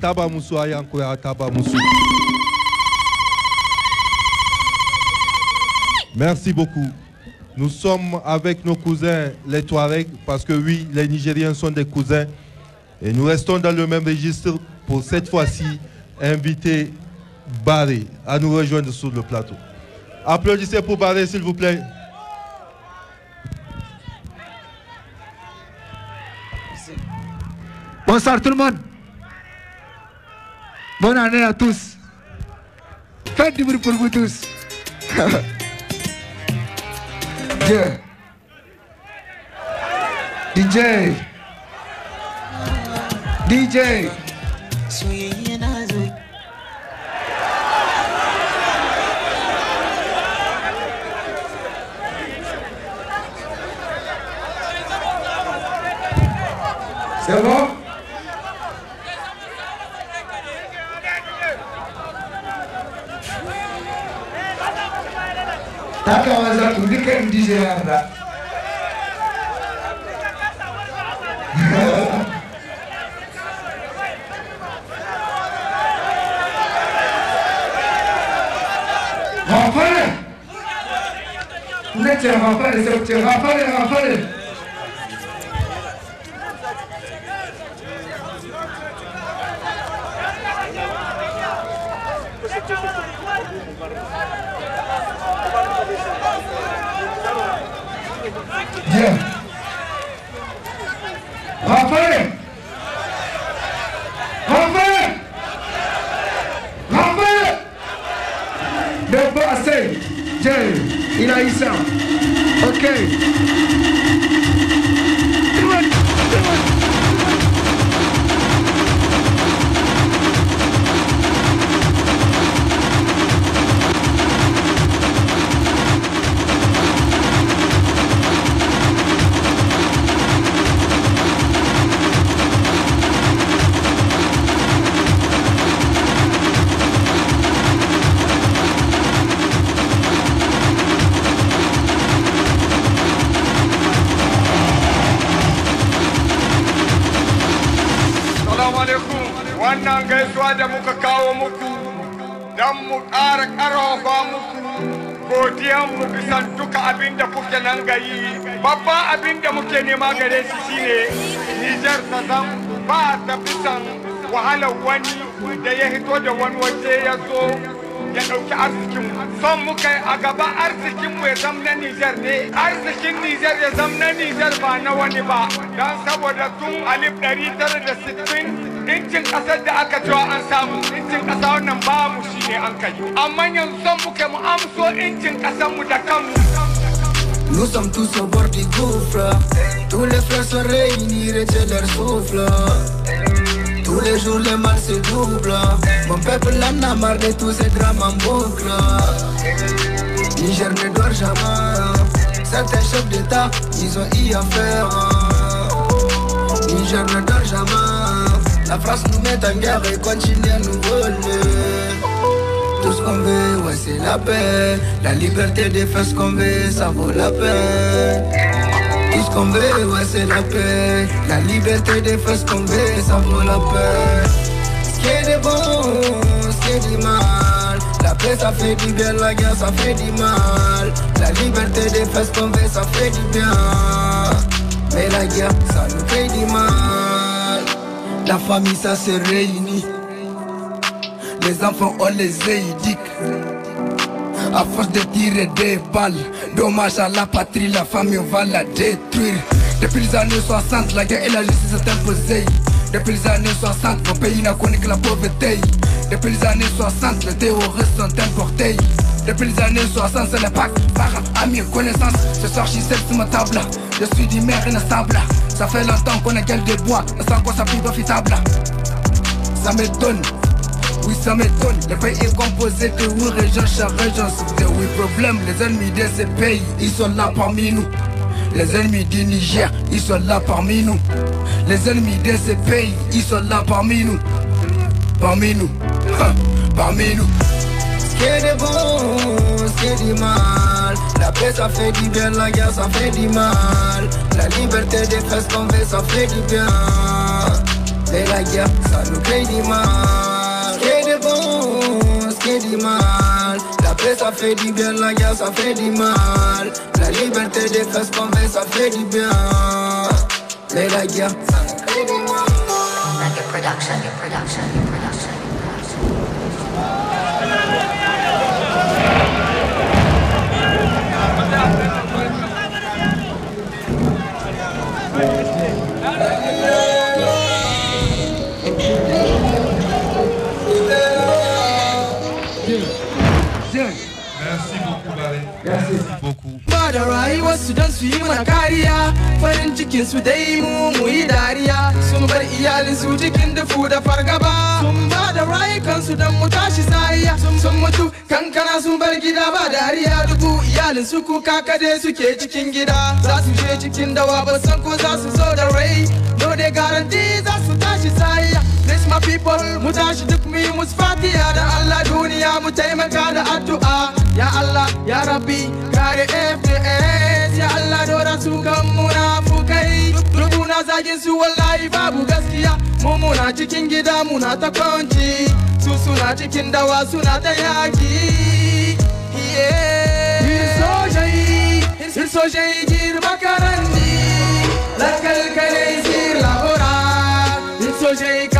taba musu taba merci beaucoup nous sommes avec nos cousins les Touaregs parce que oui les Nigériens sont des cousins et nous restons dans le même registre pour cette fois-ci inviter Barré à nous rejoindre sur le plateau. Applaudissez pour Barré s'il vous plaît. Bonsoir tout le monde. Bonne année à tous. Faites du bruit pour vous tous. [LAUGHS] yeah. DJ. DJ. C'est bon hata waweza kurudika mjishe yanda Gafare! Unete gafare, sevte gafare, you know yourself. Okay. gaisuwa da muka kawo muku don mu ƙara ƙarfafa muku godiyanmu bisan duka abin da kuke nan gayi babban abin da muke nema gare shi shine nijar ta zan ba ta bisan wahalar wani da ya hito da wani waje ya zo ya ɗauki arzikin son muka yi a gaba arzikin mu ya zam na Nijar ne arzikin Nijar ya zam na Nijar ba na wani ba don saboda tun alif ɗari tara da sittin Nous sommes tous au bord du gouffre Tous les frères sont réunis, et leur souffle Tous les jours le mal se double Mon peuple en a marre de tous ces drames en boucle Niger ne dort jamais Certains chefs d'État, ils ont y affaire Niger ne dort jamais la France nous met en guerre et continue à nous voler Tout ce qu'on veut, ouais c'est la paix La liberté de faire ce qu'on veut, ça vaut la peine Tout ce qu'on veut, ouais c'est la paix La liberté de faire ce qu'on veut, ça vaut la peine Ce qui est de bon, ce qui est du mal la paix ça fait du bien, la guerre ça fait du mal La liberté de faire ce qu'on veut ça fait du bien Mais la guerre ça nous fait du mal la famille, ça se réunit. Les enfants, ont les éduque. A force de tirer des balles, dommage à la patrie, la famille, on va la détruire. Depuis les années 60, la guerre et la justice sont imposées. Depuis les années 60, mon pays n'a connu que la pauvreté. Depuis les années 60, les terroristes sont importés. Depuis les années 60, c'est l'impact par à amis, connaissance Ce soir, je suis sur ma table. Je suis du maire sable Ça fait longtemps qu'on a gueule de bois Sans quoi ça plus profitable Ça m'étonne oui, ça m'étonne, le pays est composé de oui, régions, chers région c'est oui problème. Les ennemis de ces pays, ils sont là parmi nous. Les ennemis du Niger, ils sont là parmi nous. Les ennemis de ces pays, ils sont là parmi nous. Parmi nous, hein, parmi nous. Ce de bon, mal. La paix a fait du bien, la guerre ça fait du mal La liberté des presse qu'on veut ça fait du bien Mais la guerre ça nous crée du mal Ce qui est bon, ce qui mal La paix a fait du bien, la guerre ça fait du mal La liberté des presse qu'on veut ça fait du bien Mais la guerre ça nous crée du mal da rayuwarsu don su yi mana kariya farin cikin su dai mu mu yi dariya sun bar iyalin su cikin dufu da fargaba sun ba da rayukansu don mu tashi sariya sun mutu kankana sun bar gida ba dariya dubu iyalin su kuka kade suke cikin gida za su je cikin dawa ba san ko za su zo da rai no dai garanti za my people mu tashi duk mu yi da Allah duniya mu taimaka da addu'a ya Allah ya Rabbi kare FDS ya Allah dora su kan munafukai dubu na zagin su wallahi babu gaskiya mu muna cikin gida muna ta kwanci su suna cikin dawa suna ta yaki sojayi in sojayi girma karandi lakal kare sir lahora in sojayi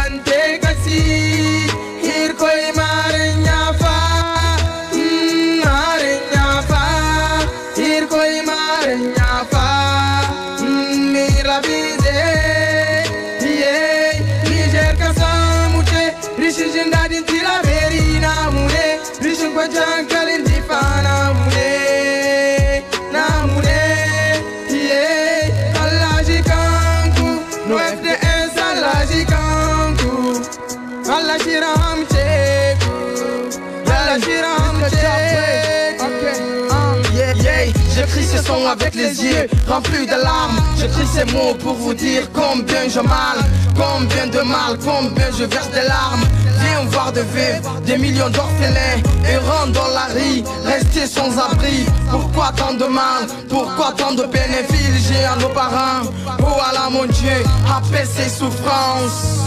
avec les yeux remplis de larmes J'écris ces mots pour vous dire combien je mal Combien de mal, combien je verse des larmes Viens voir de vivre des millions d'orphelins Errant dans la rue, restés sans abri Pourquoi tant de mal, pourquoi tant de bénéfices J'ai à nos parents, oh Allah mon Dieu, apaise ces souffrances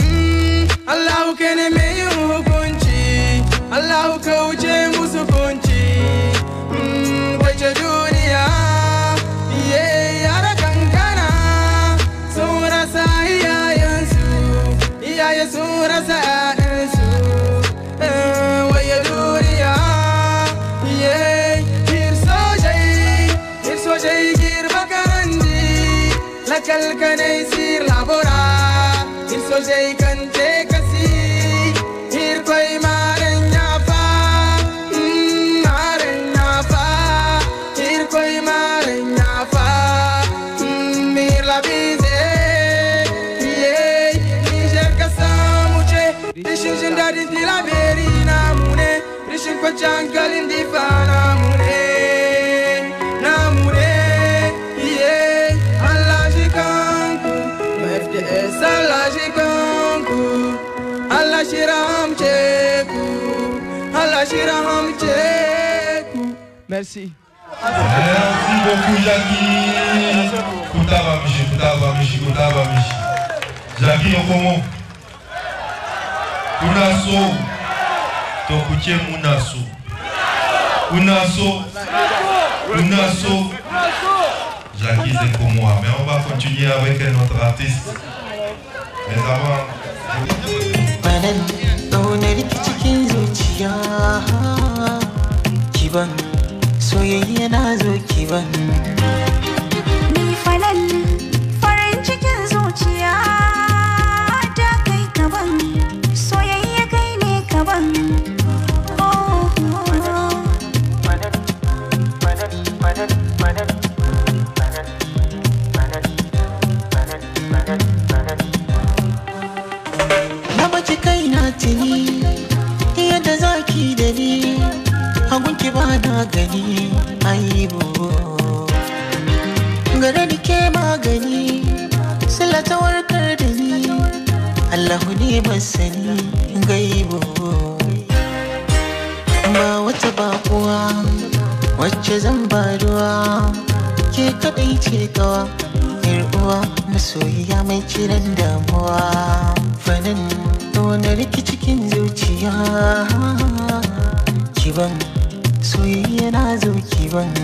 hmm, Allah kene me yi hukunci Allahu Michel Caneisir lavora, il suo jei cante casi, il mare maregna fa, mm, maregna fa, il tuoi maregna fa, mm, mir la vise, yei, Michel Casamuce, rishin jindadin di la verina mune, rishin kwa changalin di fanamune. Merci. Merci beaucoup, Jackie. Kouta Bamichi Koutaba Michi, Koutaba Michi. Jackie Okomo. Unaso. Tokutie Munaso. Unaso. Unaso. Jackie moi, Mais on va continuer avec notre artiste. Mais avant. zuciya kiban soyayya na zo kiban magani aibu gare ni ke magani sila warkar da ni allahu ne ban sani gaibu ba wata bakuwa wacce zan ba ruwa ke kaɗai ce kawa yar uwa masoyiya mai ciran damuwa fanin wani rikici cikin zuciya kiban soyayya na zo kiwon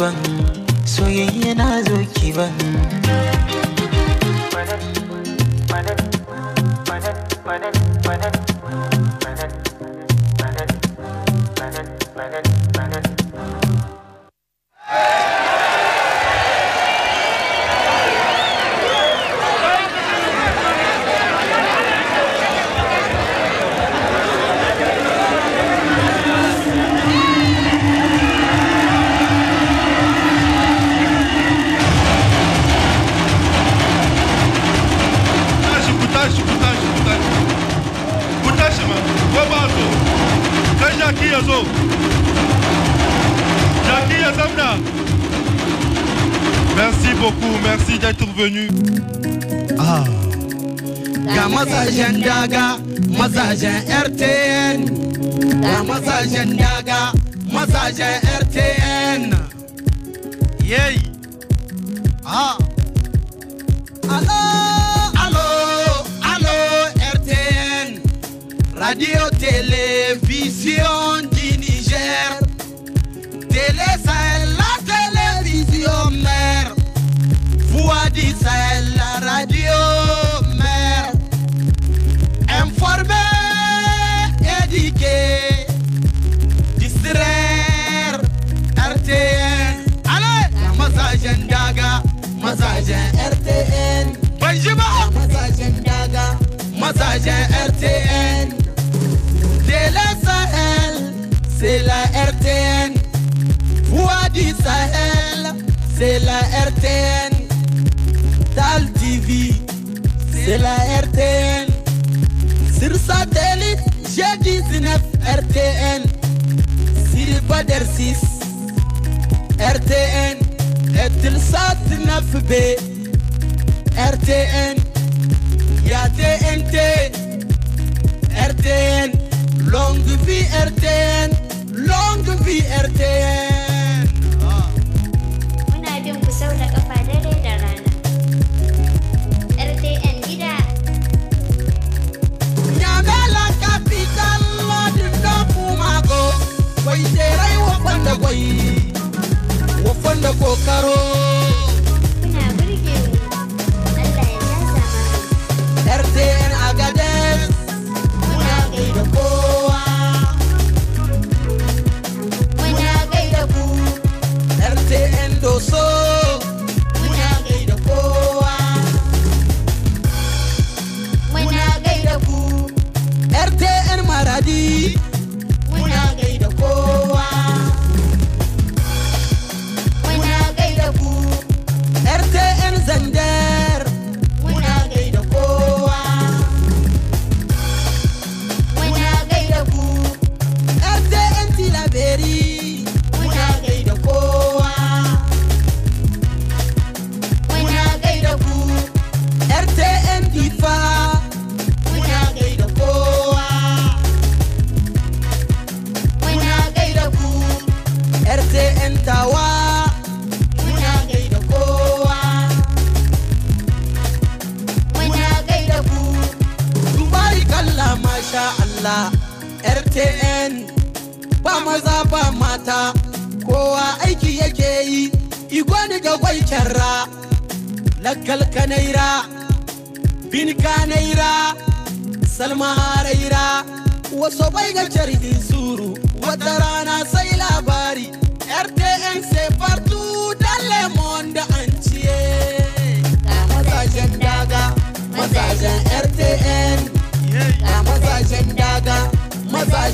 ban soyayya na zo ki ban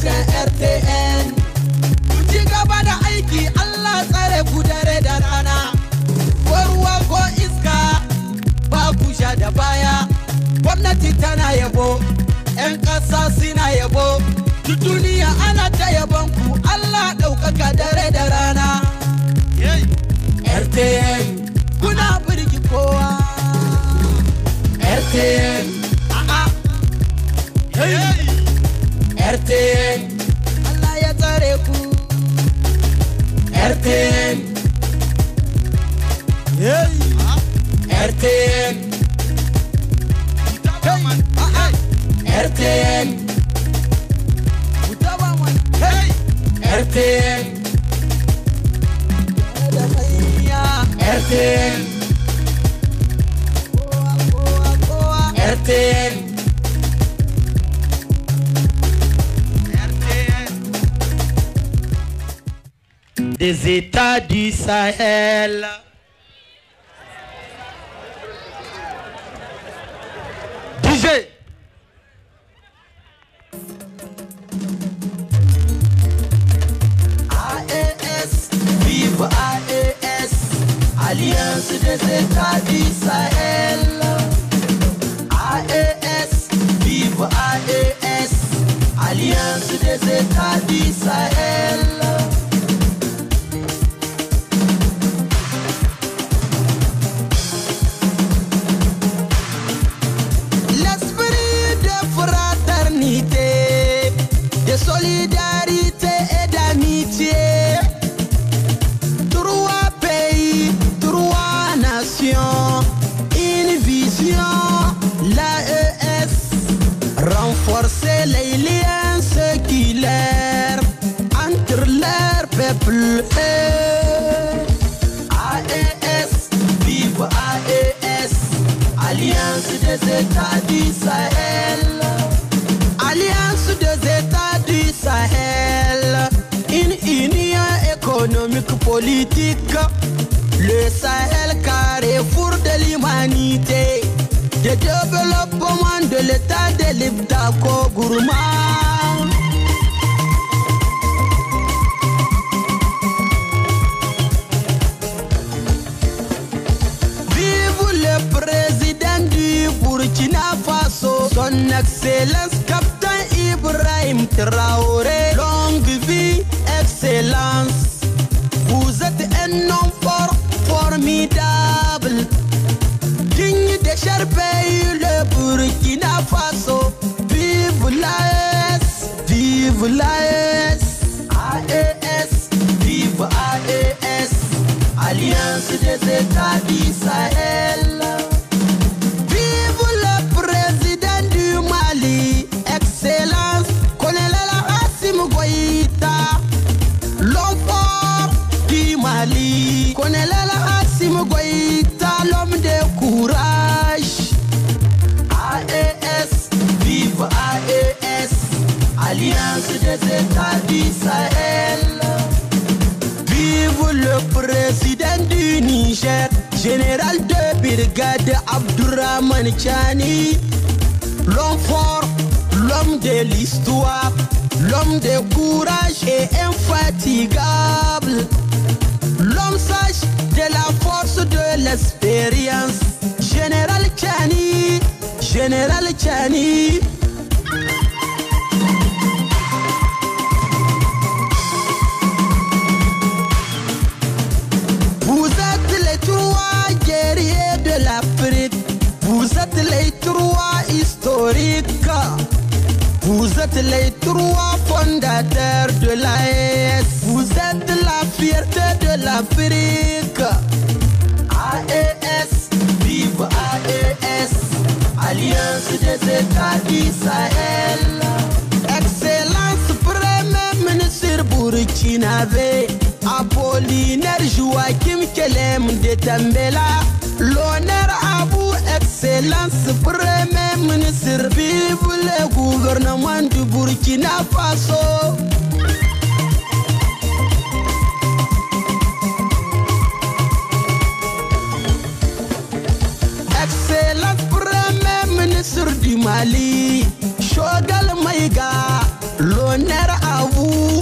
da rtn ku ci gaba da aiki allah tsare ku dare da rana ko ruwa ko iska ba ku sha da baya gwamnati tana yabo 'yan ƙasa suna yabo duniya ana ta yabon ku allah ɗaukaka dare da rana RTM hey. RTM RTM RTM RTM des États du Sahel. fondateur de l'AES. Vous êtes la fierté de l'Afrique. AES, vive AES, Alliance des États d'Israël. Excellence, Premier ministre Burkinabé, Apollinaire Joachim Kelem de Tambela, l'honneur à vous Excellence Premier ministre, people le gouvernement du Burkina Faso. Excellence Premier ministre du Mali, Shogal Maïga, l'honneur à vous.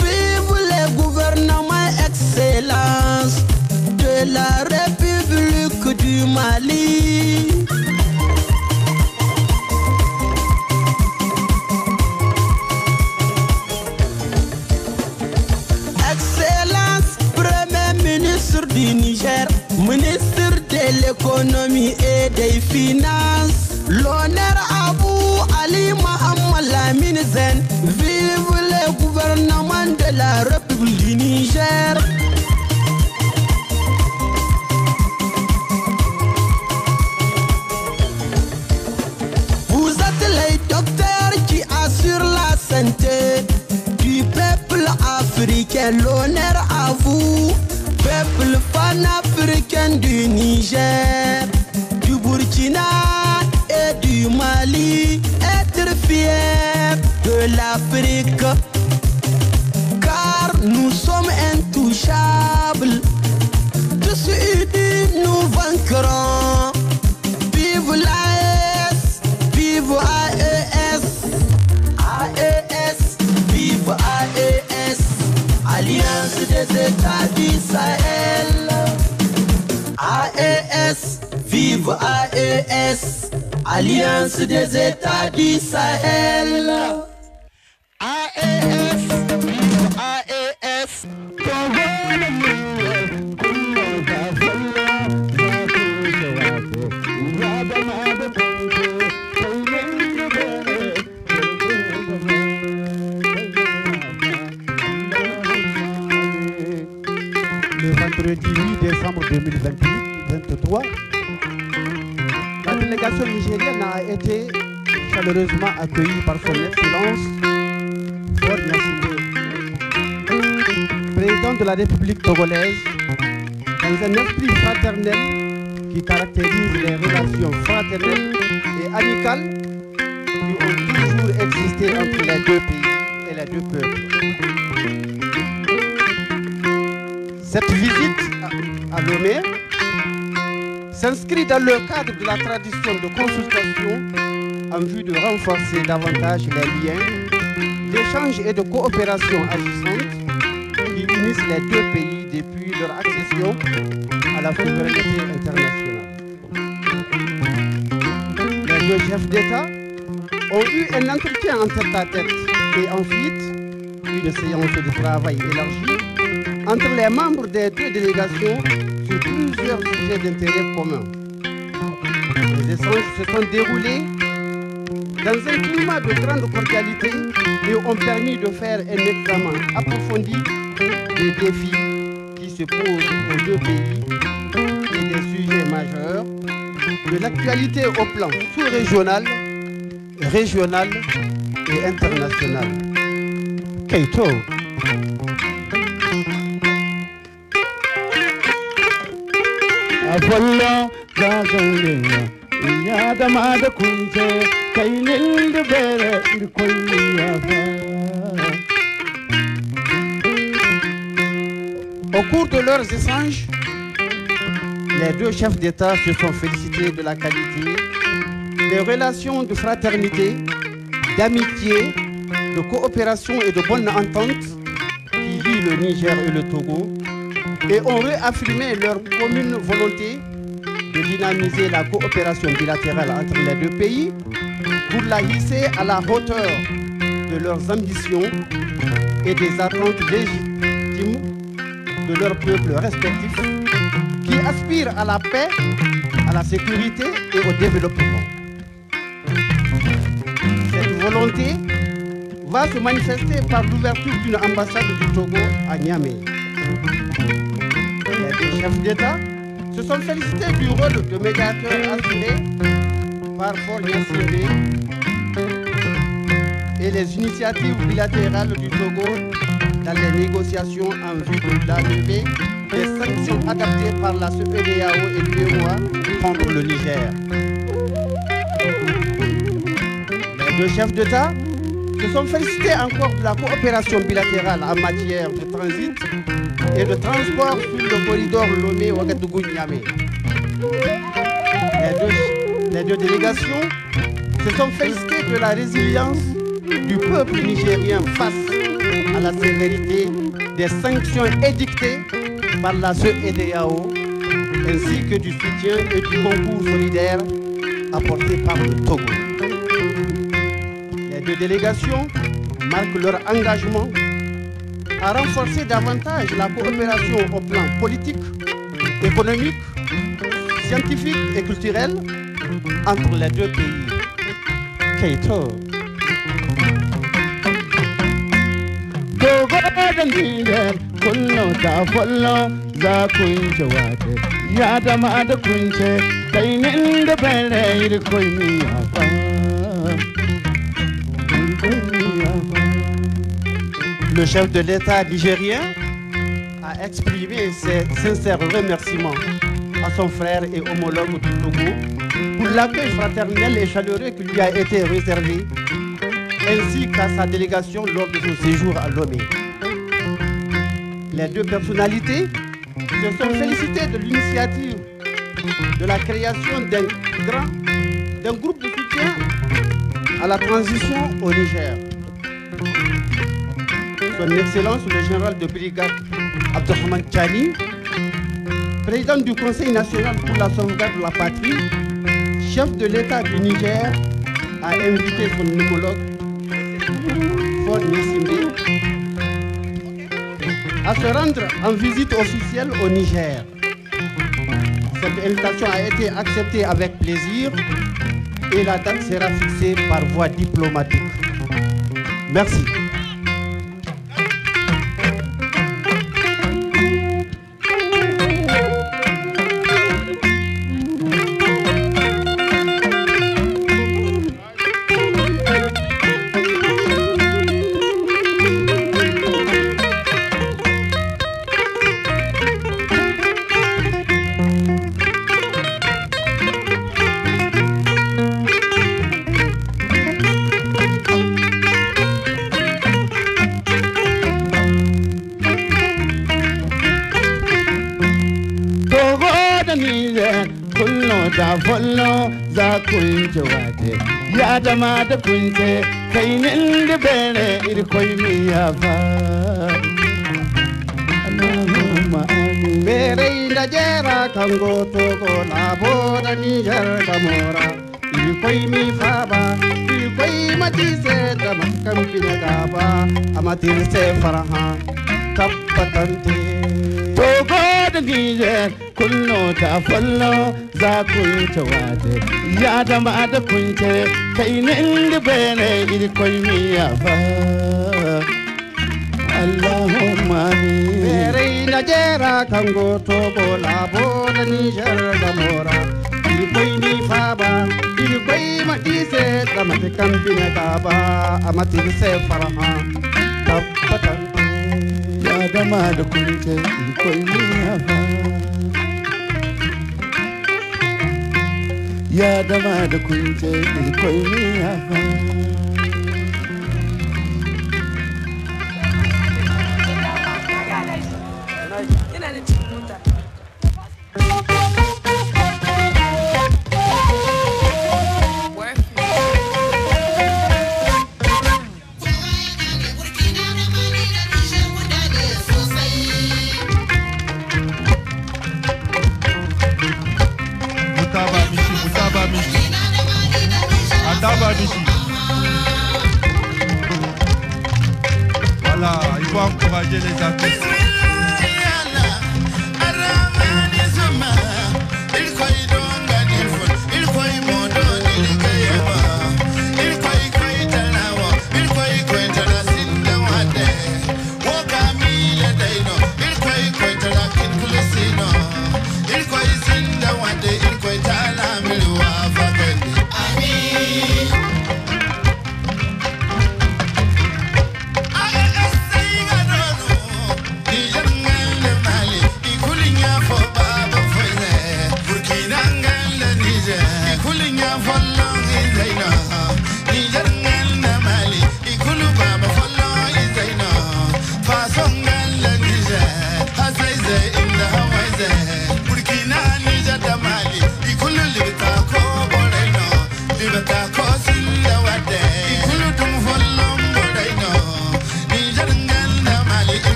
Vive le gouvernement Excellence de la République. Mali. Excellence, Premier ministre du Niger, ministre de l'économie et des finances, l'honneur Abou Ali Mohamed Lamine l'honneur à vous, peuple panafricain du Niger, du Burkina et du Mali, être fier de l'Afrique. vive AES, Alliance des États du Sahel. AES, vive AES. Le vendredi décembre 2021. La délégation nigérienne a été chaleureusement accueillie par son Excellence, nationale président de la République togolaise, dans un esprit fraternel qui caractérise les relations fraternelles et amicales qui ont toujours existé entre les deux pays et les deux peuples. Cette visite à Lomé s'inscrit dans le cadre de la tradition de consultation en vue de renforcer davantage les liens d'échange et de coopération agissante qui unissent les deux pays depuis leur accession à la communauté internationale. Les deux chefs d'État ont eu un entretien en tête à tête et ensuite une séance de travail élargie entre les membres des deux délégations plusieurs sujets d'intérêt commun. Les échanges se sont déroulés dans un climat de grande cordialité et ont permis de faire un examen approfondi des défis qui se posent aux deux pays et des sujets majeurs de l'actualité au plan sous-régional, régional et international. Keito Au cours de leurs échanges, les deux chefs d'État se sont félicités de la qualité des relations de fraternité, d'amitié, de coopération et de bonne entente qui vit le Niger et le Togo et ont réaffirmé leur commune volonté de dynamiser la coopération bilatérale entre les deux pays pour la hisser à la hauteur de leurs ambitions et des attentes légitimes de leurs peuples respectifs qui aspirent à la paix, à la sécurité et au développement. Cette volonté va se manifester par l'ouverture d'une ambassade du Togo à Niamey. Les chefs d'État se sont félicités du rôle de médiateur assuré par Borgia et les initiatives bilatérales du Togo dans les négociations en vue de la des sanctions adaptées par la CEDEAO et POA contre le Niger. Les deux chefs d'État se sont félicités encore de la coopération bilatérale en matière de transit et de transport sur le corridor Lomé-Ouagadougou-Niamey. Les, les deux, délégations se sont félicitées de la résilience du peuple nigérien face à la sévérité des sanctions édictées par la CEDEAO ainsi que du soutien et du concours solidaire apporté par le Togo de délégation marquent leur engagement à renforcer davantage la coopération au plan politique, économique, scientifique et culturel entre les deux pays. Le chef de l'État nigérien a exprimé ses sincères remerciements à son frère et homologue du Togo pour l'accueil fraternel et chaleureux qui lui a été réservé, ainsi qu'à sa délégation lors de son séjour à Lomé. Les deux personnalités se sont félicitées de l'initiative de la création d'un grand d'un groupe de soutien à la transition au Niger. Son Excellence le général de brigade Abdelrahman Chani, président du Conseil national pour la sauvegarde de la patrie, chef de l'État du Niger, a invité son homologue, Ford à se rendre en visite officielle au Niger. Cette invitation a été acceptée avec plaisir et la date sera fixée par voie diplomatique. Merci. da kunce kai nin da bere irkoi mi ya fa Allahumma amin bere da jera kango to ko na boda ni jar da mora irkoi mi fa ba irkoi mati se da makam pi da ba amatir se farha tabbatan te to ko da gije kullo ta fallo za kunce wate ya dama da kunce kai ne inda bene irkoi miya fa Allahumma amin Berai na jera kan goto bola bola nijar da mora Irkoi ni fa ba irkoi matise da matakan bina ka ba a matise farha tabbatan Ya dama da kunce irkoi miya fa ya dama da kunce ne koyi ya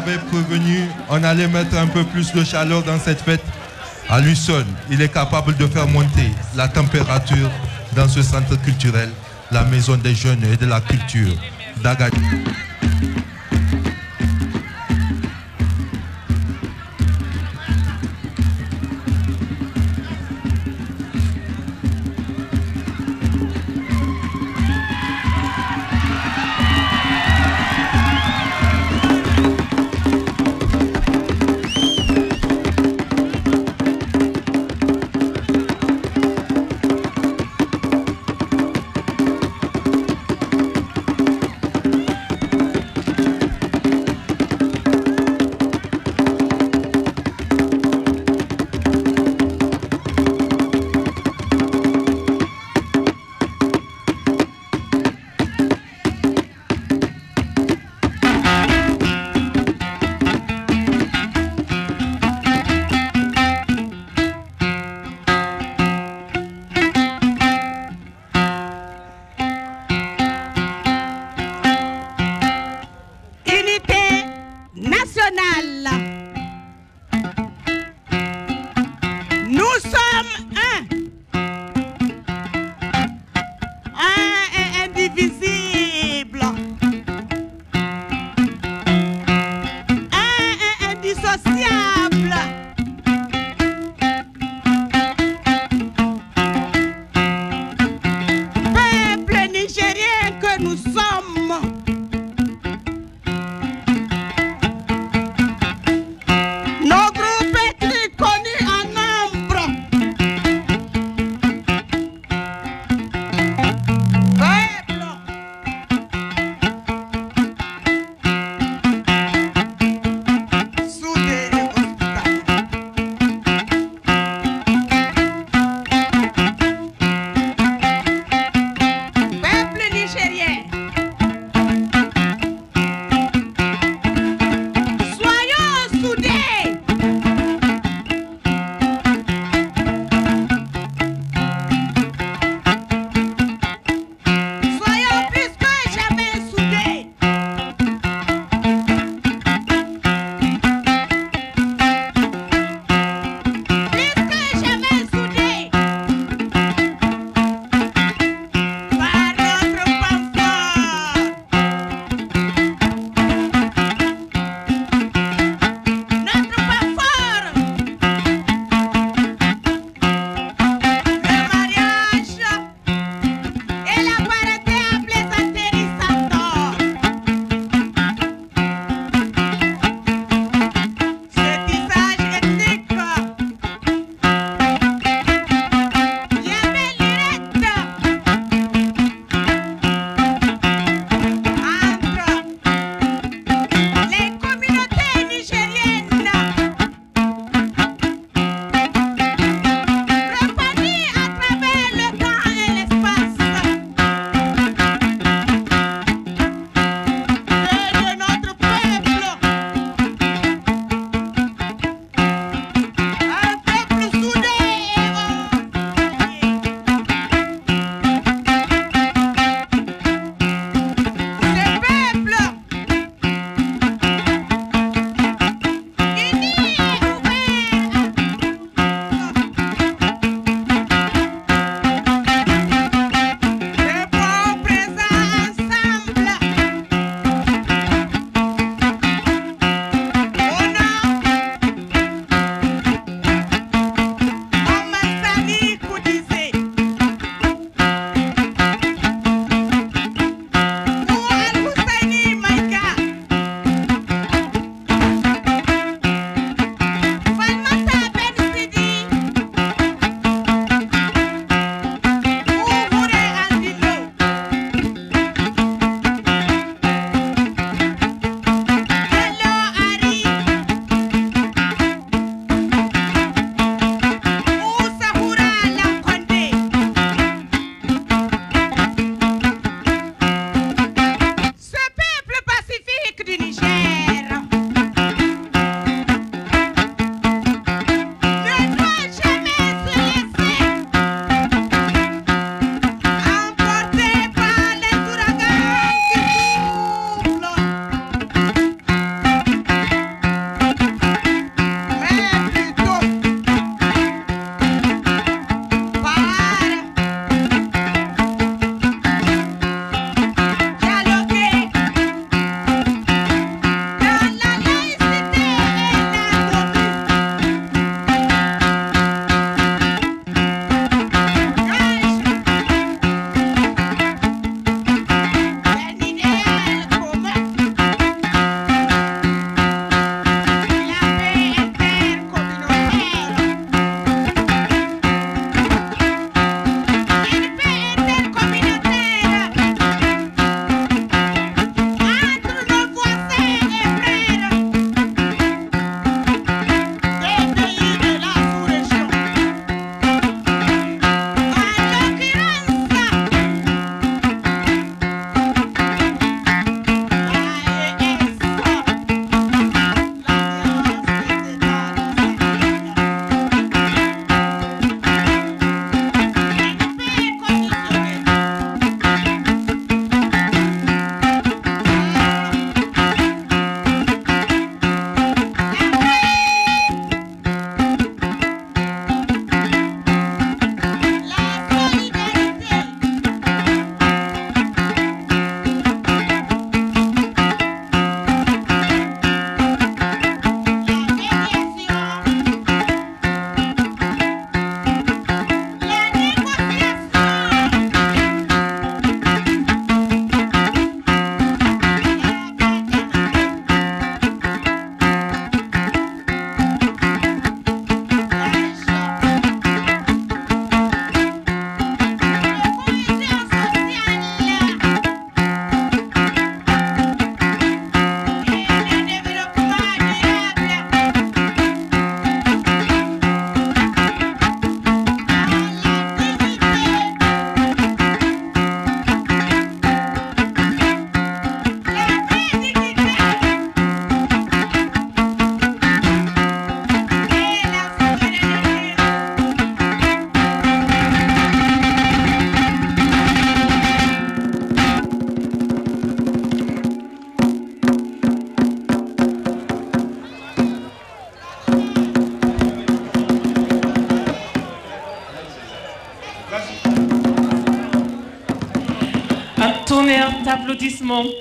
avait prévenu, on allait mettre un peu plus de chaleur dans cette fête. À lui seul, il est capable de faire monter la température dans ce centre culturel, la maison des jeunes et de la culture d'Agadir.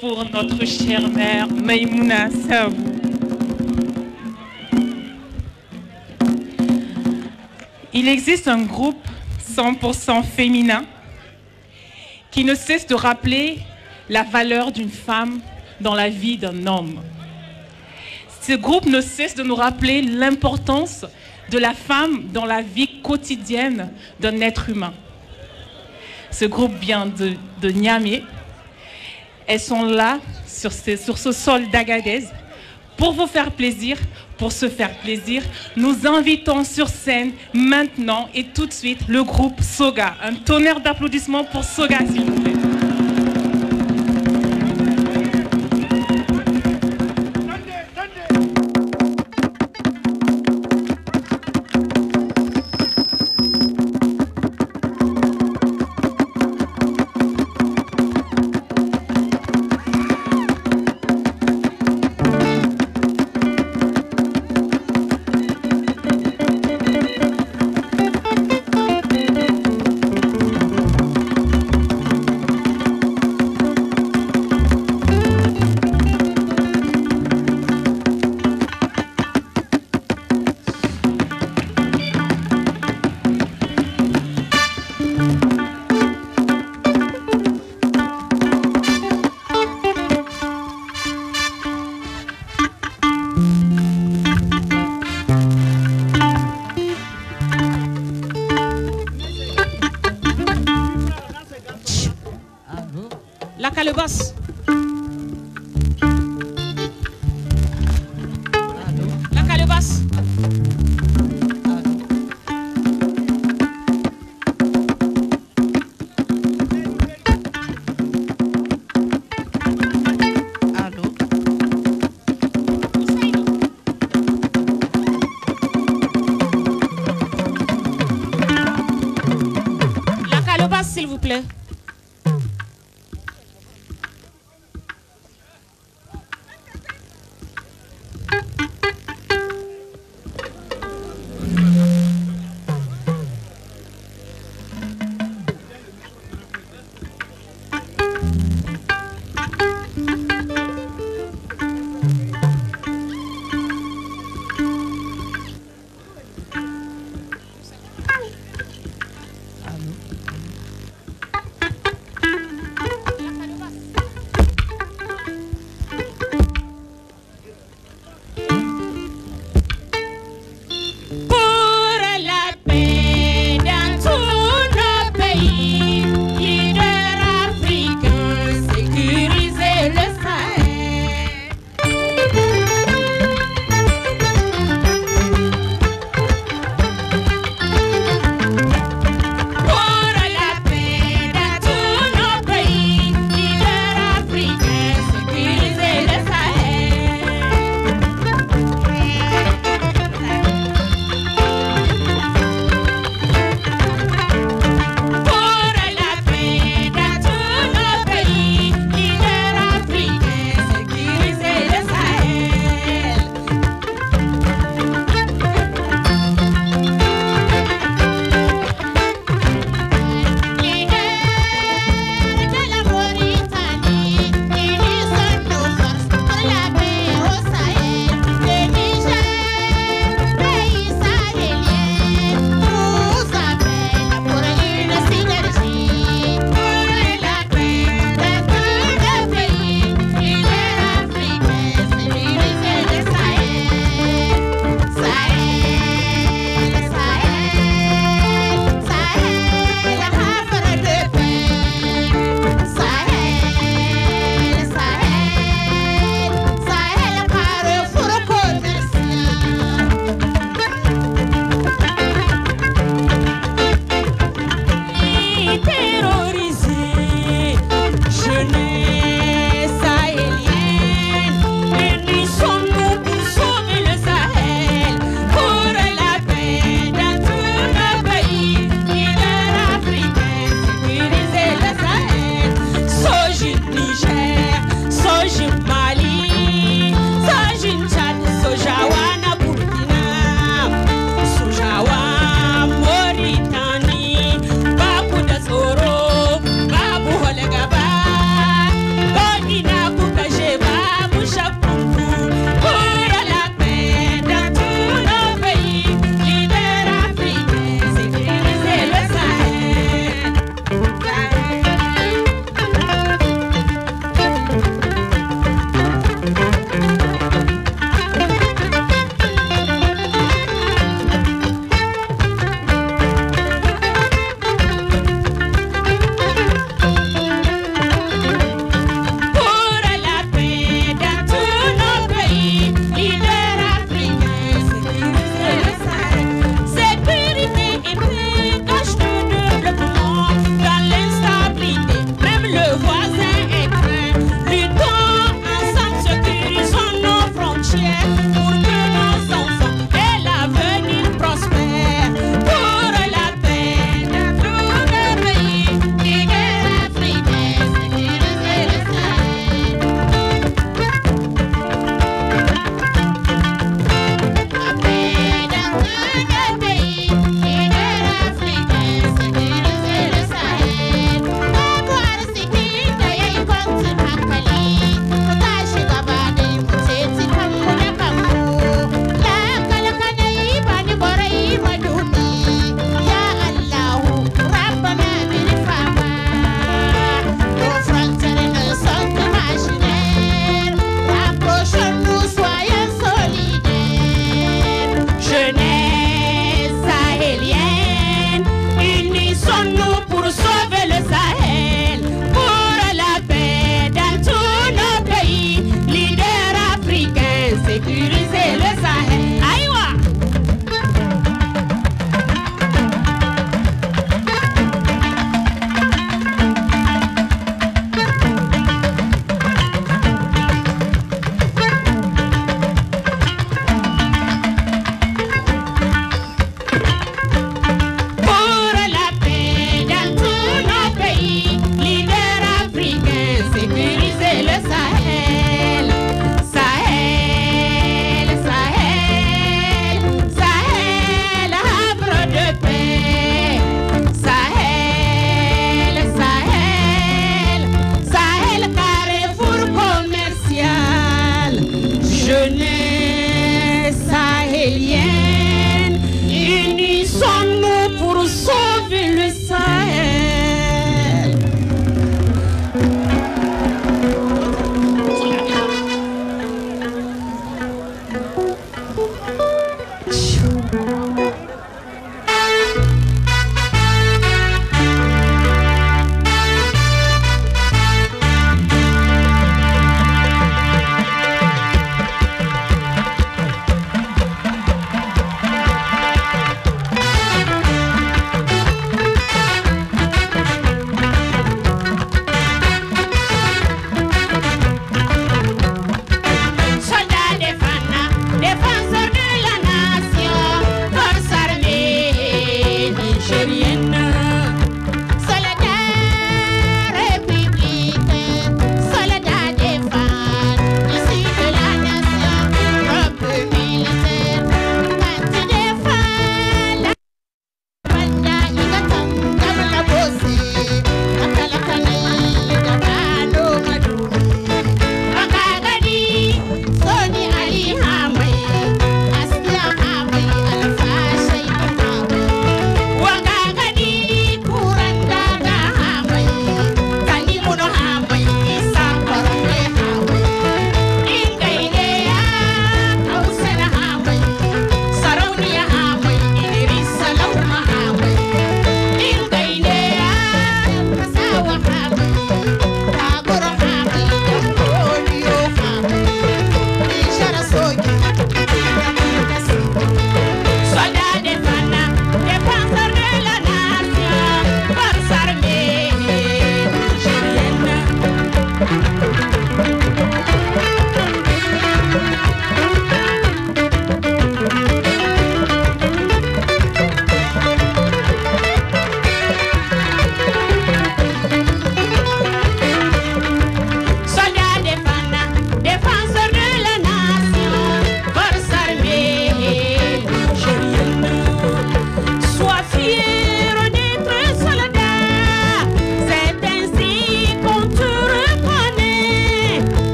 pour notre chère mère Maïmouna Il existe un groupe 100% féminin qui ne cesse de rappeler la valeur d'une femme dans la vie d'un homme. Ce groupe ne cesse de nous rappeler l'importance de la femme dans la vie quotidienne d'un être humain. Ce groupe vient de, de Niamey, elles sont là sur ce, sur ce sol d'Agadez pour vous faire plaisir, pour se faire plaisir, nous invitons sur scène maintenant et tout de suite le groupe Soga. Un tonnerre d'applaudissements pour Soga, s'il vous plaît.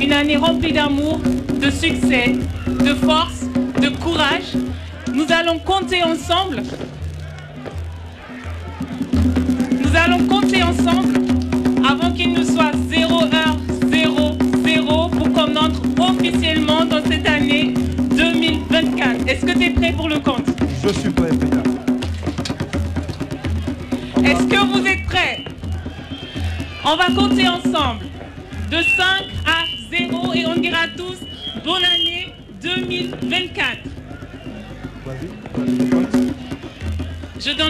une année remplie d'amour, de succès, de force, de courage. Nous allons compter ensemble. Nous allons compter ensemble avant qu'il ne soit 0 h 0 0 pour qu'on entre officiellement dans cette année 2024. Est-ce que tu es prêt pour le compte Je suis prêt, Est-ce que vous êtes prêts On va compter ensemble.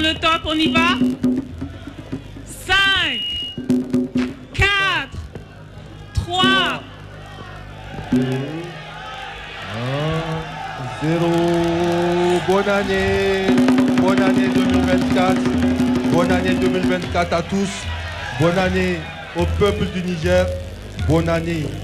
le top, on y va 5, 4, 3, 2, 1, 0. Bonne année, bonne année 2024, bonne année 2024 à tous, bonne année au peuple du Niger, bonne année